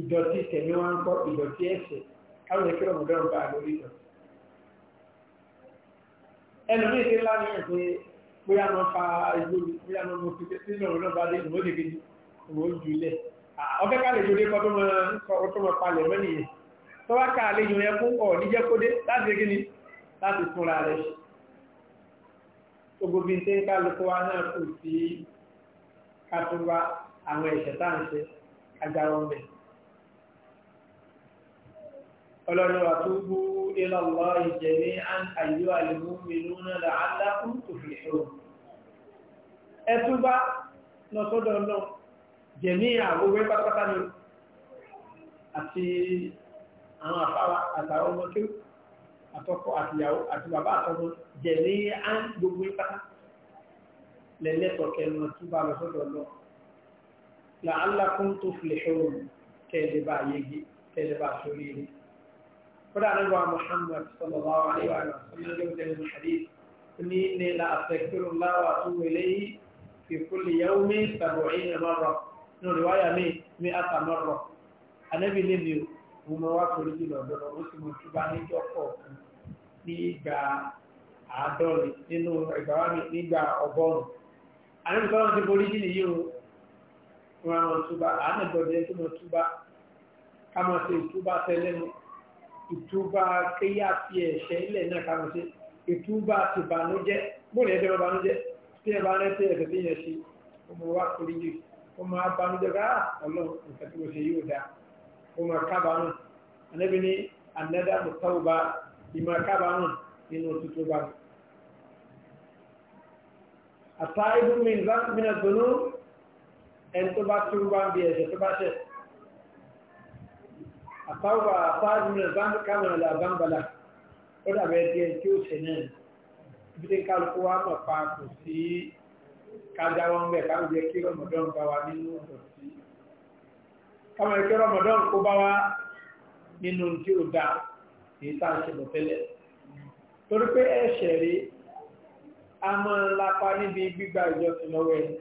ìdọ̀tí tẹ̀mí wọn kọ́ ìdọ̀tí ẹ̀sẹ̀ káwọn ìkírọ̀ mọ̀dọ́rùn bá lórí ìdọ̀ ẹnu ní ìdí ńlá ní ẹ̀sẹ̀ bóyá wọn fa ìgbóni bóyá wọn mọ fífẹ́ sí ìlọrin náà bá dé ìwọ́n lè gbèjì ìwọ́n jù lẹ̀ ọ̀fẹ́ ká lè jòdè kọ́ tó mọ palẹ̀ mọ́ nìyẹn tó wá ká àlejò yẹn fún ọ̀ níjẹ́ kódé láti gíní láti fúnra rẹ̀ ṣe gbogbo bíi tẹ́ kálukú wa náà kù sí kátó wa àwọn ẹ̀ṣẹ̀ tá à ń ṣe agbára ọ̀bẹ̀ ọlọ́run àtúgbò ìlàlọ́ ìjẹ̀mí àyíwá àlùmú mìíràn náà làálàkùn tó fi ṣòro ẹtúbá lọ́sọ́dọ̀ náà jẹ̀mí àgbogbo pátápátá ni àti àwọn àfáwà àtàwọn ọmọ tó àtọkọ àtìyàwó àti bàbá àtọmọ jẹ̀mí à ń gbogbo pátá قرآن أبو محمد صلى الله عليه وآله وسلم يقول في الحديث إني إني لا أستغفر الله وأتوب إليه في كل يوم سبعين مرة نو رواية مي مئة مرة النبي لم يمواك رجل ودر وسم تباني جوكو نيجا àádọ́rin nínú ìgbàwá mi nígbà ọgọ́rùn-ún. Àníbi tọ́lọ́n ti borí jì nìyí o, wọn àwọn túbá, àánàgbọ̀dẹ̀ tó mọ̀ túbá, ká mọ̀ sí túbá tẹ́lẹ́nu ìtúbà kéyà fi ẹ̀ṣẹ̀ ilẹ̀ náà kàrò sí ìtúbà ti bànújẹ́ bóòlù ẹ̀ṣẹ̀ wọn bànújẹ́ tí ẹ bá rẹ́ sí ẹ̀ṣẹ̀ tí yẹn ṣe ọmọ wa kiri jù ó máa bànújẹ́ ká ah, ọlọ́run nǹkan tí mo ṣe yóò dáa ó máa kábàánù anábì ní anádà mùtáwùbà ìmọ̀ kábàánù nínú tuntun bá mi. àtàìbù mi mi náà gbóná ẹni tó bá túrú bá ń bi ẹ̀ṣẹ̀ tó bá ṣẹ̀ àfáwà fáàrùn káwọn làbámbàlà ó dàbẹ̀ díẹ̀ tí ó ṣe náà ibi tí kálukú wa mọ̀ pa kò sí kájáwọ́ ńbẹ̀ káwọn jẹ́ kí rọmọdán bá wa nínú ọ̀dọ̀ sí káwọn jẹ́ kí rọmọdán kó bá wa nínú tí ó dá èyí tá a ṣe bọ̀ tẹ́lẹ̀ torí pé ẹ̀ṣẹ̀ rí a máa ń lapa níbi gbígba ìjọsìn lọ́wọ́ ẹni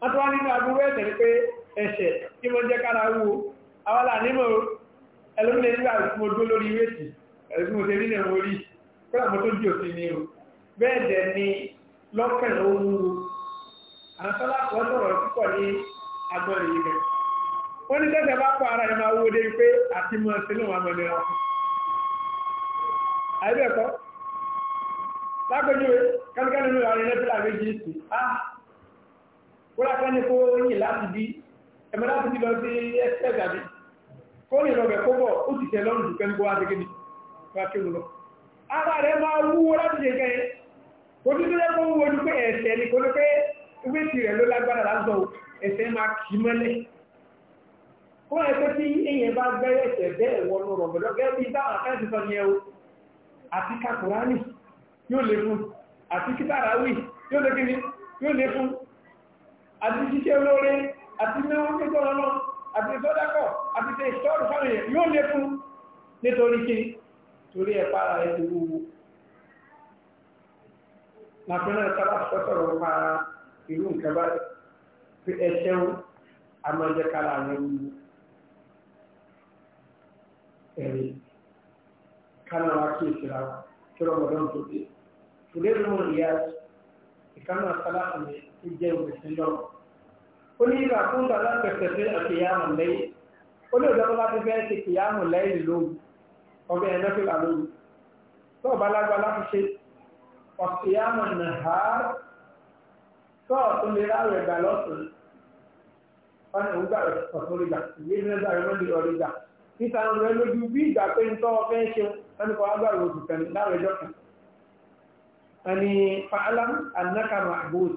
wọ́n tún wá nínú àbúrò ẹ̀ṣẹ̀ ni pé ẹ̀ṣẹ̀ tí wọ́n jẹ́ kára wúwo àwọ́là nímọ̀ ẹlòmílẹ̀ nígbà fún ojú lórí wéètì ẹ̀lùmí mo ṣe rí nẹ̀ orí kọ́lá mo tó jò sí ni o bẹ́ẹ̀ dẹ̀ ni lọ́kàn ó wúwo àwọn sọ́lá kan sọ̀rọ̀ púpọ̀ ní agbọ́n èyí rẹ̀ wọ́n ní tẹ́tẹ̀ bá kọ́ ara ẹ̀ máa wó dé pé àti mọ́ sínú àwọn ọmọ ẹ̀rọ àìbẹ̀kọ́ lápẹjúwe kánikánì ní ọ̀rẹ́ lẹ́fẹ́lá méjì ìsìn lápẹ́ ní kó yìn láti bí ẹ̀mọ́ láti bí lọ sí ẹ̀sẹ̀ tàbí kó lè rọ̀bẹ̀ kó bọ̀ ó ti tẹ̀ lọ́rùn jù pẹ́lú wá gẹ́gẹ́ bí wá kí lọ ara rẹ̀ máa wúwo láti ṣe kẹ́yẹ kò tí tó yẹ kó wúwo ju pé ẹ̀ṣẹ̀ ni kó ló pé ìwé ti rẹ̀ ló lágbára lásọ ẹ̀ṣẹ̀ máa kì í mọ́lẹ̀ kó ẹ pé tí èèyàn bá gbẹ́ ẹ̀ṣẹ̀ bẹ́ẹ̀ wọnú rọ̀bẹ̀dọ́ gẹ́gẹ́ bí táwọn akáǹtì sọ ni ẹ o àti kakurani yóò lè fún àti kítàràwì yóò lè kíni yóò lè fún àti ṣiṣẹ́ olóore àti náwó kékeré náà àti sọ́dákọ̀ àti ṣe ìṣọ́rù fáwọn èèyàn yóò lé fún nítorí kí torí ẹ̀ para ẹ̀ ti wúwo nàfẹ́lẹ́ sábà sọ́sọ̀rọ̀ pa ìlú nǹkan bá fi ẹsẹ̀ amájẹ́kára rẹ̀ wúwo ẹ̀rí kánà wá kí ìṣẹ̀ra kí ọmọdé tó dé torí ìlú ìyá ìkánà sábà mi ti jẹ́ lọ́wọ́ ó ní ìgbà fún bàbá pẹ̀sẹ̀ sí àti ìyá àmàlẹ́yìn olóòjọ́ tó bá ti fẹ́ ṣe kìyàmù lẹ́yìn lóru ọbẹ̀ ẹ̀mẹ́ fìlà lóru tó ọba lágbá láti ṣe ọ̀kìyàmù nàá tó ọ̀tún lè ráwọ̀ ẹ̀gbà lọ́sùn wọn ni òun gbà ọ̀tún lè gbà ìwé ní ẹgbà rẹ mọ́lẹ̀ ọ̀rẹ́ gbà níta ń rẹ lójú bí ìgbà pé ń tọ́ ọfẹ́ ṣe wọn ni kò wá gbà rògbò láwùjọ kan wọn ni anákàmà àbòs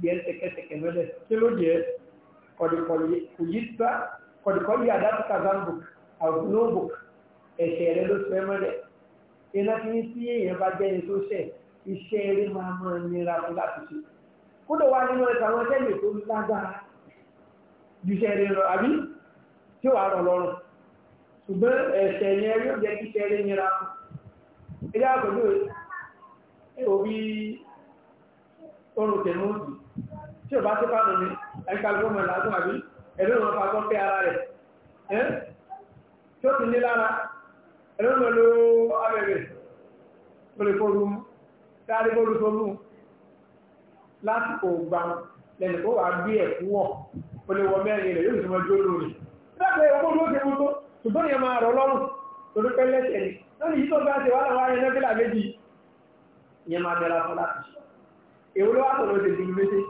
di ẹ tẹkẹtẹkẹ kọ̀dùkọ́ yìí àdáfíkà zambuk àgbónóbuk ẹ̀ṣẹ̀ rẹ ló fẹ́ mọ́lẹ̀ iná tí ní tí èèyàn bá jẹ́ ẹni tó ṣẹ̀ iṣẹ́ eré máa máa nira fún láti ṣe kódà wá nínú ẹ̀ka àwọn tẹ́lẹ̀ tó lágbára ju iṣẹ́ eré lọ àbí tí ó wà rọ̀ lọ́rùn ṣùgbọ́n ẹ̀ṣẹ̀ yẹn yóò jẹ́ kí iṣẹ́ eré nira fún ẹjẹ́ àgbẹ̀dọ̀ ẹ̀rọ bí orun tẹ̀mọ́ọ̀dù tí ò bá tó bá lọ ní ẹ̀ka lọ́mọ ìlàgùn àbí ẹ̀rọ ìwọ̀n fà kọ́ pé ara rẹ̀ ẹ́ tí ó ti ní lára ẹ̀rọ ìwọ̀n ló abẹ̀rẹ̀ olùkóru sáré bóru sólú lásìkò gbà lẹ́nu tó wà gbé ẹ̀kú wọ̀ olùwọ̀ mẹ́rin rẹ̀ yóò sì mọ́ jó lórí láti ẹ̀kọ́ ló ti mú tó ṣùgbọ́n yẹn máa rọ̀ lọ́rùn torí pẹ́ lẹ́sẹ̀ ni lọ́nà yìí tó bá ṣe wà láwọn arìnrìn náà méjì yẹn máa bẹ̀rẹ̀ fún láti ṣe èwo ló wà tó lọ́ọ́ ṣe dùn méjì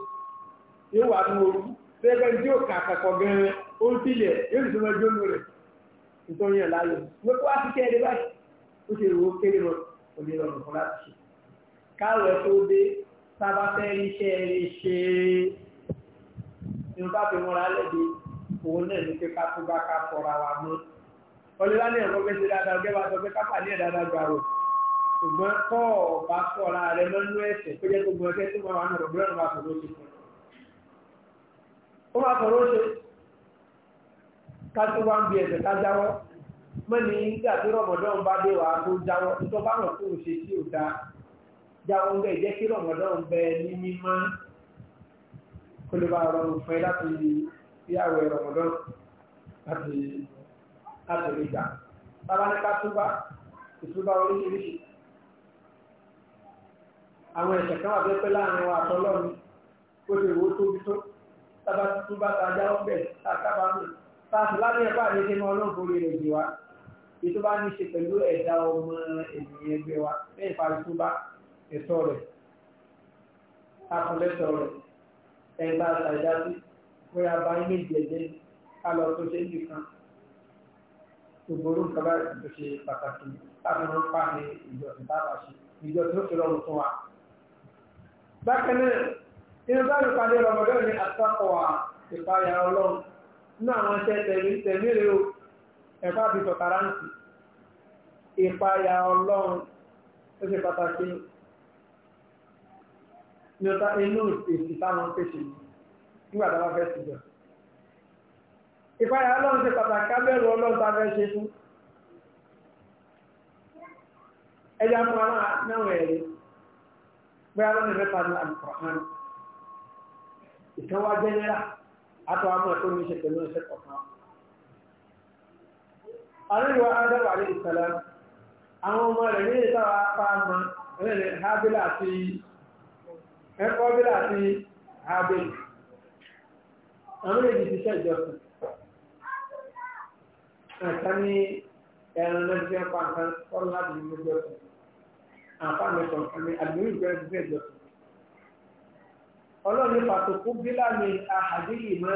yóò wà ní orú bẹ́ẹ̀ tí ó kà kàkọ̀ gan-an ó ń tilẹ̀ yóò sì máa jóná rẹ̀ nítorí ẹ̀ láyò wọ́n tó wá sí kẹ́ ẹ dé báyìí ó ṣe ìwò kéré lọ kò lè rọrùn fún láti ṣe káwọ̀ ẹ̀ tó dé sábà fẹ́ rí iṣẹ́ rí ṣe ní bá fi múra lẹ́bi òun náà ní pé ká tó bá ká fọra wa mọ́ ọlọ́lá ní ẹ̀kọ́ fẹ́ ṣe dáadáa ọgbẹ́ bá sọ pé ká gbà rò ṣùgbọ́n kọ́ ọ̀ fọ́ra rẹ mọ́nú ẹ̀sẹ̀ tó gbogbo ẹgbẹ́ tó máa wà ní ọ̀rọ̀ ó máa kọ̀rọ̀ ó ṣe kájú wá ń bi ẹ̀sẹ̀ ká jáwọ́ mọ́ni nígbà tí rọ̀mọ̀dọ́n bá dé wàá tó jáwọ́ tó bá wọn tó ṣe tí ò dáa jáwọ́ ń bẹ́ẹ̀ jẹ́ kí rọ̀mọ̀dọ́n bẹ ní mímọ́ kó lè bá rọrùn fún ẹ láti fi àwẹ̀ rọ̀mọ̀dọ́n láti láti rí gbà bàbá ní ká túbá ìtúbá oríṣiríṣi àwọn ẹ̀sẹ̀ kan wà pẹ́ láàrin wa àtọ́lọ́run ó ṣe wò tóbi tó tàbá tuntun bá ta ajá ọ̀bẹ tàkàbà mi tààtì lábẹ́ ẹ̀fà ní kí wọ́n lóun forí rẹ̀ jì wá ètò bá ní ṣe pẹ̀lú ẹ̀dá ọmọ ènìyàn ẹgbẹ́ wa lẹ́yìn parí tó bá ẹ̀tọ́ rẹ̀ akọ̀lẹ́tọ̀ rẹ̀ ẹ̀dá àtàjá sí bóyá bá ń méjì ẹ̀jẹ̀ kálọ̀ tó ṣe ní kan ògbóró nǹkan tó ṣe pàtàkì láti máa inú bá mi pàdé rọmọdún ní àtàkọ̀wà ìpayà ọlọ́run nínú àwọn iṣẹ́ o ẹ̀fọ́ àbí tọ̀kàrántì ìpayà ọlọ́run ó ṣe pàtàkì nípa inú èsì táwọn ń pèsè nígbà tá a bá fẹ́ sí jọ. ìpayà ọlọ́run ṣe pàtàkì kábẹ́rù ọlọ́run tá a fẹ́ ṣe fún. ẹja ìkan wá jẹ́nẹ́rà àtọ́ àmọ́ ẹ̀kọ́ ní ṣe pẹ̀lú ẹ̀ṣẹ́ kọ̀ọ̀kan. àríwá adáwà alẹ́ ìsàlá àwọn ọmọ rẹ̀ ní ìtawà apá àmà rẹ̀ hábílà àti ẹ̀kọ́ bílà àti hábílì àwọn èdè ti ṣe ìjọsìn ẹ̀ka ní ẹran lẹ́gbẹ̀ẹ́ pàǹkan kọ́ láti ní ìjọsìn àpá mi kọ̀ọ̀kan ní àdúgbò ìjọsìn ọlọ́run ní pàtòkú bílà ní àhàdí yìí mọ́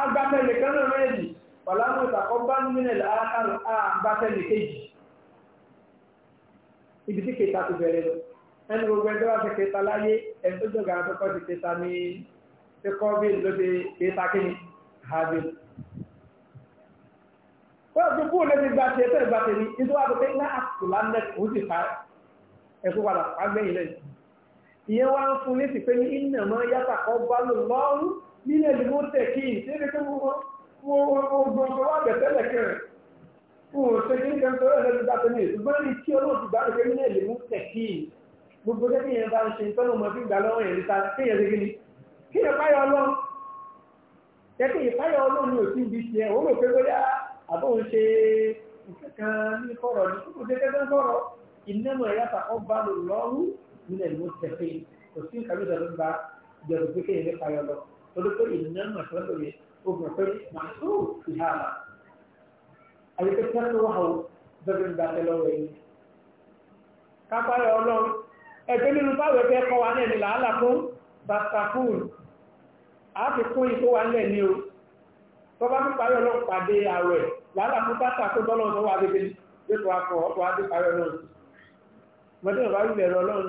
agbátẹ̀lẹ̀ kan náà mẹ́rin ọ̀làmú ìtàkọ́ bá ń mílẹ̀ àkàrọ̀ àgbátẹ̀lẹ̀ kejì ibi tí kẹta ti bẹ̀rẹ̀ lọ ẹni gbogbo ẹgbẹ́ wa ti kẹta láyé ẹni tó jọ̀gà àtọ́kọ́ ti kẹta ní ẹkọ́ bí lóde kẹta kíni hàbí wọ́n ti kúrò lẹ́sìn gba tiẹ̀ tẹ́lẹ̀ gba tẹ̀lé nítorí tó kẹ́ ní ìyẹn wá ń fún ní sí pé ní iná máa yàtà ọba ló lọ́rùn nílẹ̀ ìlú tẹ̀kí ìṣẹ́bí tó gbogbo ọgbọ́n wà bẹ̀tẹ́lẹ̀ kẹrin fún òṣèlú nǹkan tó rẹ̀ lẹ́nu dáta ní ìṣùgbọ́n ní tí olóòtú bá rẹ̀ nílẹ̀ ìlú tẹ̀kí gbogbo tẹ́kí yẹn bá ń ṣe tọ́nà ọmọ fi gbà lọ́wọ́ yẹn níta kéèyàn lè gbélé kéèyàn páyọ̀ ọlọ́run tẹ́kí ìpáyọ̀ ọlọ́run ò sí ibi tiẹ̀ òun ò pé bóyá àbóhùn ṣe nǹkan kan ní kọ̀rọ̀ ní kókò tẹ́kẹ́ nílẹ̀ ló tẹ̀lé kò sí nǹkan lóṣèlú ń ba ìjọba pé kéèyàn nípa yọ lọ torí pé ìnìyàn náà tó lóye ogun pé màá tó fi hà á àti pé tẹ́lẹ̀ tó wà ó bẹ́ẹ̀ ń ba tẹ́lẹ̀ ọ̀rọ̀ yìí. kápá yọ ọlọ́run ẹgbẹ́ nínú báwo ẹgbẹ́ kọ́ wa náà ní làálàá fún bàtàkùn àti pàdé àwẹ̀ làálàá fún bàtà tó bọ́lọ́run tó wà bíbí yóò tó akọ ọkọ̀ adé parí ọlọ́run mọ̀tẹ́nà bá wílẹ̀ ọlọ́run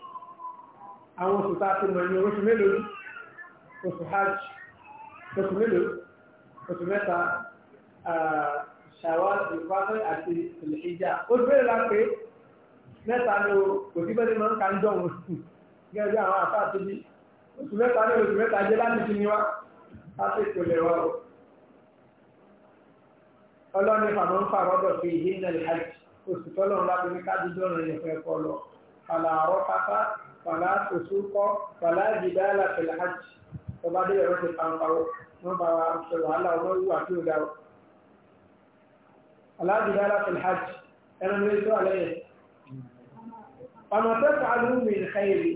àwọn oṣù tá a ti mọ̀ ní oṣù mélòó oṣù hajj oṣù mélòó oṣù mẹ́ta ṣàwọ́ ìfọ́fẹ́ àti ìlẹ̀ṣíjà oṣù mélòó la pé mẹ́ta ni kò sí bẹ́ẹ̀ máa ń ka ń dọ̀ wọ́n sùn gẹ́gẹ́ bí àwọn àfa àti bí oṣù mẹ́ta ni oṣù mẹ́ta jẹ́ láti fi ni wá láti ìpìlẹ̀ wa o ọlọ́ni fàmọ́ ń fà rọ́dọ̀ fi ìdí ìnà ìhàjì oṣù tọ́lọ́run láti ní ká dídọ́rin ẹ̀fọ́ ẹ̀kọ́ lọ fàlà tòṣùkọ́ fàlà jìdáàlà fẹ̀lẹ̀ hajj ọba dé ẹ̀rọ ti pàǹpàwọ́ wọn bá wa ṣe wàhálà wọn wù àti òdà wọn. fàlà jìdáàlà fẹ̀lẹ̀ hajj ẹnu ní ètò alẹ́ yẹn. ọ̀nà tó fàálù mi xeyìrì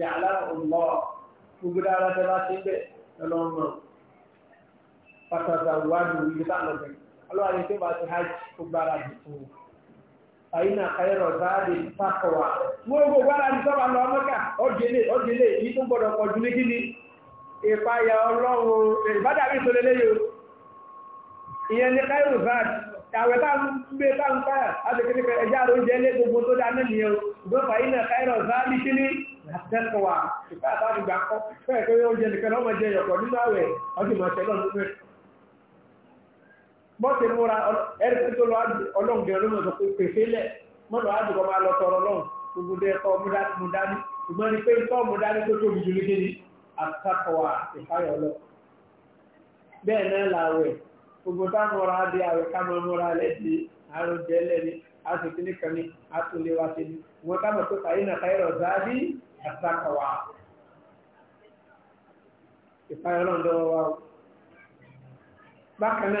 yàrá ọ̀lọ́ gbogbo dára tó bá ti bẹ̀ lọ́mọ pàtàkì àwọn àdùn yìí tá lọ bẹ̀rẹ̀ ọlọ́wà àyínà àyẹ̀rọ̀ záàdì pàkọ̀wà. Gbogbo gbára ní sọ́bà lọ mọ́kà, ọdílé yìí tó gbọdọ̀ pọ̀jú ní kí ni ìpayà ọlọ́run ìbádàbí tó lélé yóò. Ìyẹn ní káyọ̀ záàdì, àwẹ̀ tá ń gbé tá ń káyà, a ti kékeré ẹjá ló jẹ́ gbogbo tó dá nìyẹn. záàdì kí ni ìpáyà bọ́ọ̀sì múra ẹ̀rí tó lọ ọlọ́run gẹ̀rẹ́ lónìí ọ̀sọ̀ pé fẹ́lẹ̀ mọ́nà àdùkọ́ máa lọ tọrọ lọ́run gbogbo dé ẹ̀kọ́ mú dání ṣùgbọ́n ní pé ikọ́ mú dání tó tóbi jù lókè ní àtàkọ̀wà ìfáyọ̀ lọ. bẹ́ẹ̀ náà làwẹ̀ gbogbo tá múra ni a sì ti ni a tún lè wá sí ni wọ́n ká mọ̀ pé kàyé nà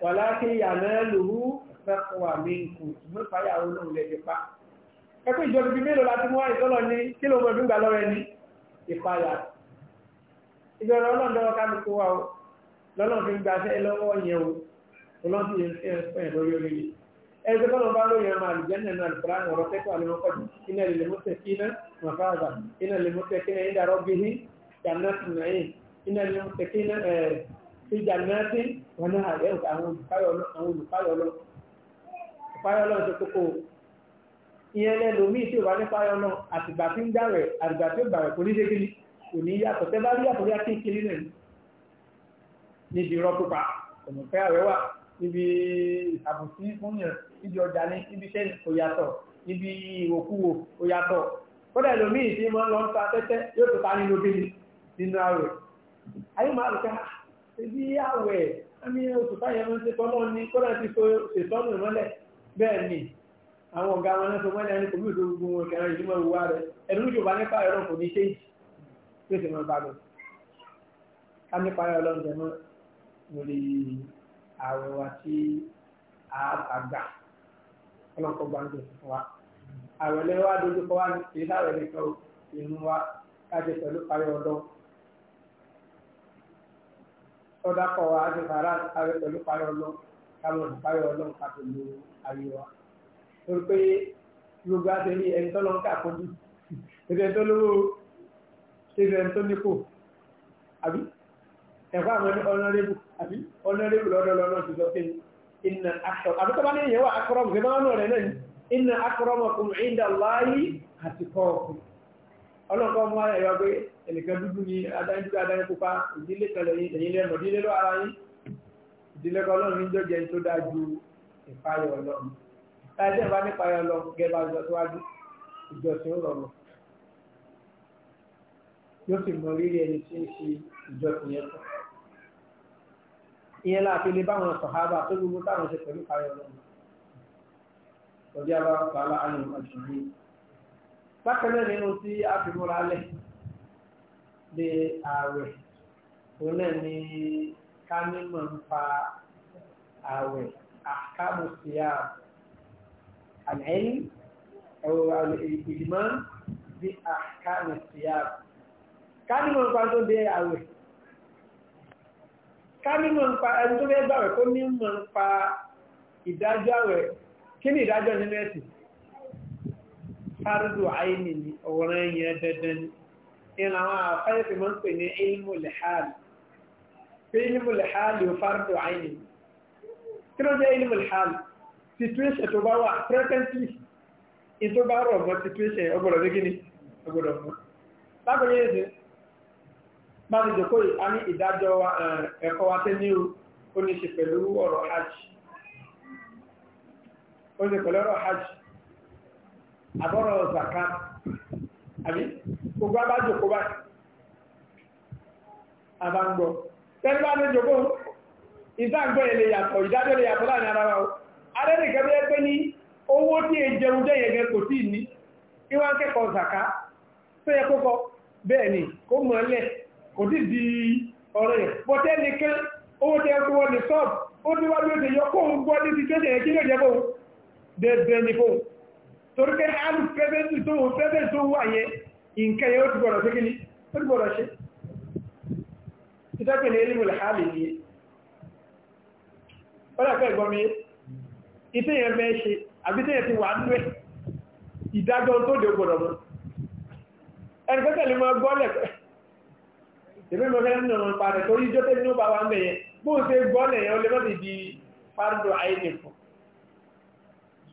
wàlá kí yàmẹ́ lòrú fẹ́kọ̀wà mi kù mú ìpáyà olóhùn lẹ́jẹ̀ pa ẹkú ìjọba ibi mélòó láti mú àìsọ́lọ ní kí ló mọ̀ nígbà lọ́rẹ́ ní ìpáyà ìjọba ọlọ́ndọ́wọ́ kálukú wa o lọ́lọ́n fi gba fẹ́ lọ́wọ́ yẹn o olóńtì yẹn fẹ́ fẹ́ lórí orí yìí ẹgbẹ́ tọ́lọ́ bá lóye ọmọ àlùjẹ́nà náà ní ọ̀rọ̀ tẹ́kọ̀ọ́ àlẹ́ wọn kọ́jú iná lè mọ́tẹ́ kí ìjànàtí wọn náà rẹ̀ àwọn olùfáyọlọ́ ìfáyọlọ́ ṣe kókó ìyẹn lẹ́lòmí tí ó bá ní fáyọlọ́ àtìgbà tí ń dàrẹ̀ àtìgbà tí ó bàrẹ̀ kò ní ṣe kiri, kò ní yàtọ̀ tẹ́ bá rí yàtọ̀ bí akí kiri nẹ̀ níbi irọ́ pípa ọ̀nàfẹ́ ààrẹ wà níbi ìsàbùsí fún yàn níbi ọjà ní níbi iṣẹ́ kò yàtọ̀ níbi ìwòkúwò kò yàtọ̀ kódà lòmí tí wọ́n lọ ń ta tẹ́tẹ́ yóò tó ta nínú bí nínú ààrẹ ayé máa rò pé ah, ibi àwẹ̀ ẹni oṣù táyẹ̀ máa ń ṣe tọ́lọ́ ní kọ́lá ti so ṣètọ́nù mọ́lẹ̀ bẹ́ẹ̀ ni àwọn ọ̀gá wọn náà sọ mọ́lẹ̀ ní kòmí òdo gbogbo wọn kẹrin ìdí mọ́lẹ̀ wá rẹ ẹnu lójú bá nípa ẹ̀rọ kò ní ṣe é tó sì máa bá lọ ká nípa ẹ̀rọ lọ́nà mọ́ lórí àwẹ̀ wa tí a àgbà ọlọ́kọ̀ gbàǹdọ̀ fún wa àwẹ̀ lẹ́wọ́ adójú kọ́ wa kì í sáwẹ̀ nìkan wa ká sọ́dá kọ̀ wá á ti fara àwẹ̀ pẹ̀lú parí ọlọ́ káwọn olùparí ọlọ́ ká tó lo ayé wa. torí pé yorùbá ti rí ẹni tó lọ ń kàkójú ẹni tó lówó ẹni tó nípò àbí ẹ̀fọ́ àwọn ní ọ̀nàrẹ́bù àbí ọ̀nàrẹ́bù lọ́dọọlọ́dọ́ ti sọ pé iná akọ̀ àbí tó bá ní ìyẹ̀wò akọ̀rọ̀ ìgbẹ́ ọlọ́nkọ́ mú ara ẹ̀yọ́ pé ẹnìkan dúdú ni adájú adájú pupa ìdílé kan lẹ́yìn lẹ́yìn lẹ́nu ìdílé lọ́ ara yín ìdílé kan ọlọ́run ní jọ́jẹ́ tó dáa ju ìpayọ̀ ọlọ́run láì sẹ́yìn bá nípayọ̀ ọlọ́run gẹ́gbà jọ síwájú ìjọsìn ó rọrùn yóò sì mọ rírì ẹni tí ń ṣe ìjọsìn yẹn fún ìyẹn láti lè báwọn sọ̀hábà tó gbogbo táwọn ṣe pẹ̀lú ìpayọ̀ ọlọ́run bákanáà nínú tí a fi múra lẹ̀ lè ààwẹ̀ òun náà ni ká mímọ̀ ń pa ààwẹ̀ àkámù sí à àlẹ́yìn ẹ̀wọ̀n ìgbìmọ̀ bí àkámù sí à ká mímọ̀ ń pa tó dé ààwẹ̀ ká mímọ̀ ń pa ẹni tó fẹ́ gbàwẹ̀ kó mímọ̀ ń pa ìdájọ́ ààwẹ̀ kí ni ìdájọ́ nínú ẹ̀sìn fárúdù àìní ni ọ̀ràn yẹn dandan ni ìran àwọn àfáyẹ̀fẹ̀ máa ń pè ní ilmu lẹ́hàlì pé ilmu lẹ́hàlì ò fárúdù àìní ni kí ló jẹ́ ilmu lẹ́hàlì situation tó bá wà presently ìtò bá rọ̀ mọ́ situation ọgbọ̀dọ̀ ní kíni ọgbọ̀dọ̀ mọ́ lágbẹ̀yẹ́ ẹ̀sìn bá ti jẹ́kọ́ a ní ìdájọ́ ẹ̀kọ́ wa tẹ́ ní o ní ṣe pẹ̀lú ọ̀rọ̀ hajj àbọ̀rọ̀ zaka àbí gbogbo abájò kó bá àbáǹgbọ̀ tẹ́lú bá ní jòkó ìdáǹgbọ̀ ilé yàtọ̀ ìdájọ́ ilé yàtọ̀ láàrin ara wa o arẹ́rìnkẹ́ bí ẹgbẹ́ ní owó tí è jẹun jẹ́ yẹn kò tí ní kí wọ́n kẹ́kọ̀ọ́ zaka tó yẹ kókọ bẹ́ẹ̀ ni kó mọ̀ lẹ̀ kò tí di ọ̀rọ̀ yẹn nìkan owó tẹ́ kó wọ́n ní sọ́ọ̀bù ó torí pé alù pẹ́bẹ́ntì tó wọ́n pẹ́bẹ́ntì tó wà yẹ nǹkan yẹ́ ó ti gbọ́dọ̀ síkí ní ó ti gbọ́dọ̀ ṣe ìtẹ́pẹ̀ ní elimul hali ní ọ́dàpẹ́ ìgbọ́mí ìtẹ́yẹn fẹ́ ṣe àbí tẹ́yẹn ti wà nú ẹ̀ ìdájọ́ tó dé gbọ́dọ̀ mú ẹni ń di fardo àìní fún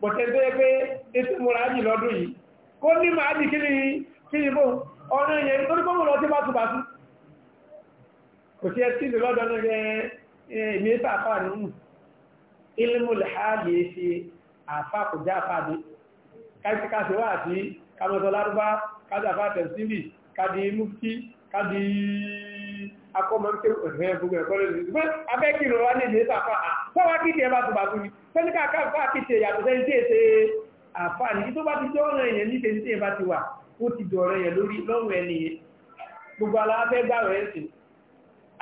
bọ̀tẹ́ tó yẹ pé ètò mọ̀ra ájì lọ́dún yìí kó ní máa ájì kí ni kí ni bó ọ̀nà yẹn tó ní kọ́mù lọ sí bá túbà sí kò sí ẹtí ìlú lọ́dọ̀ ní ẹ̀mí ẹ̀fà àfáà ní mù ilmù lẹ́hàlì ṣe àfà kò já àfà ní káṣíkáṣí wà àti kamọ́sọ lárúbá káṣí àfà tẹ̀síbì kádi mufti kádi akọ́mọ́ pẹ́lúkà káàkiri àti ṣe yàtọ̀ sẹ́ni tí èsè àfààní tó bá ti jẹ́ ọ̀rọ̀ èèyàn ní tẹ̀sí ẹ̀ bá ti wà ó ti dọ̀rọ̀ èèyàn lórí lọ́rùn ẹni yẹn gbogbo aláfẹ́ gbàwẹ̀ ẹ̀sìn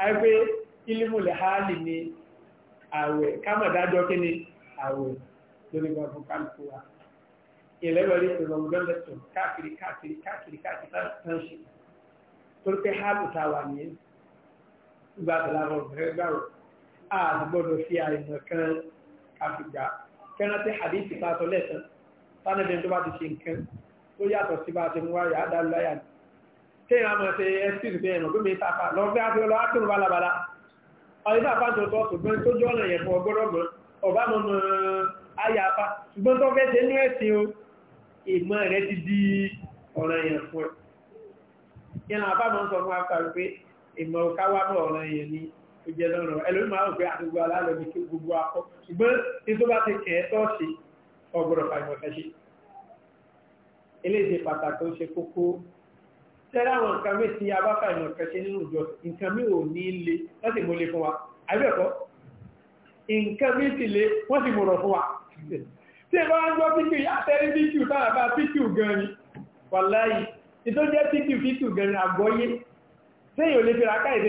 àìpé ilimule hali ni àwẹ̀ kámọ̀dájọ́ kí ni àwẹ̀ lórí gbogbo kálukú wa ìlẹ́wẹ̀rí ìrọ̀rùn lọ́lẹ́sùn káàkiri káàkiri káàkiri káàkiri tánṣì torí pé hálù ta wà ní ìgbà àtàlà ọ̀rọ̀ gbàwẹ̀ àti gbọ́dọ̀ fi àìmọ̀ kan àfìgbà kẹrántí àdéhìí ta sọ lẹ́sàn tánàbí tó bá ti ṣe nǹkan tó yàtọ̀ sí bá ti mú wáyà á dálú láyà ní kéèyàn á máa ṣe ẹ́sìtì pé ẹ̀nà gómìnà tàfà lọ fẹ́ àti ọlọ́ ákùnrin balabala ọ̀yẹ́dá àfà tó tọ́ ṣùgbọ́n tó jọ́ ọ̀nà yẹ̀fọ́ ọgbọ́dọ̀gbọ́n ọba mọ̀ mọ̀ ayà afá ìmọ̀ rẹ̀ ti di ọ̀rọ̀ yẹn fún ìjẹ lọ́rọ̀ ẹlòmí máa ń pẹ́ àgbègbè alálẹ̀ ní gbogbo akọ ṣùgbọ́n ní tó bá ti kẹ̀ ẹ́ tọ́ọ̀ṣì ọgbọ̀rọ̀ fàìmọ̀fẹ́ ṣe eléyìí pàtàkì ó ṣe kókó tẹ́lá àwọn nǹkan mé ti abáfà ìmọ̀fẹ́ ṣe nínú ìjọ nǹkan mé ò ní le wọ́n sì mú le fún wa àbẹ́ẹ̀kọ́ nǹkan mé sì le wọ́n sì mú rọ̀ fún wa tí ẹ bá ń gbọ́ píkì àtẹ́rí píkì tára bá píkì gan ni wàláyì ìtọ́jẹ́ píkì píkì gan ni àgbọ́yé sẹ́yìn ò lè fi ra káyìí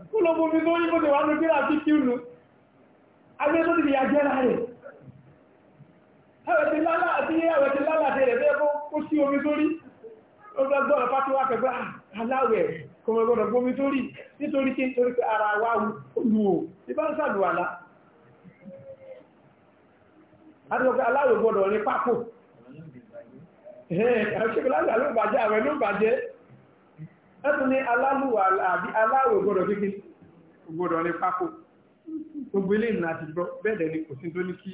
kó lọ bomi tó yí bóde wà ní kíra àti kíùnù agbẹ́ tó ti fi àjẹ́ ra rẹ̀ ẹ̀wẹ̀tì lálà àti ẹ̀wẹ̀tì lálà àti rẹ̀ bẹ́ẹ̀ kó sí omi sórí ó gbá gbọ́rọ̀ fátíwá pẹ̀gbẹ́ ah, aláwẹ̀ kò mọ̀ gbọ́dọ̀ bomi sórí nítorí kí nítorí pé ara wa olùwò ti bá ń sàdùwàlá adúgbò aláwẹ̀ gbọ́dọ̀ ní pápò ẹ̀ẹ́ ẹ̀tún ní aláwọ̀ àbí aláwọ̀ gbọ́dọ̀ kíkí gbọ́dọ̀ ní pákó gbogbo ilé ìrìn àti bẹ́ẹ̀dẹ̀ ni kò sí tó ní kí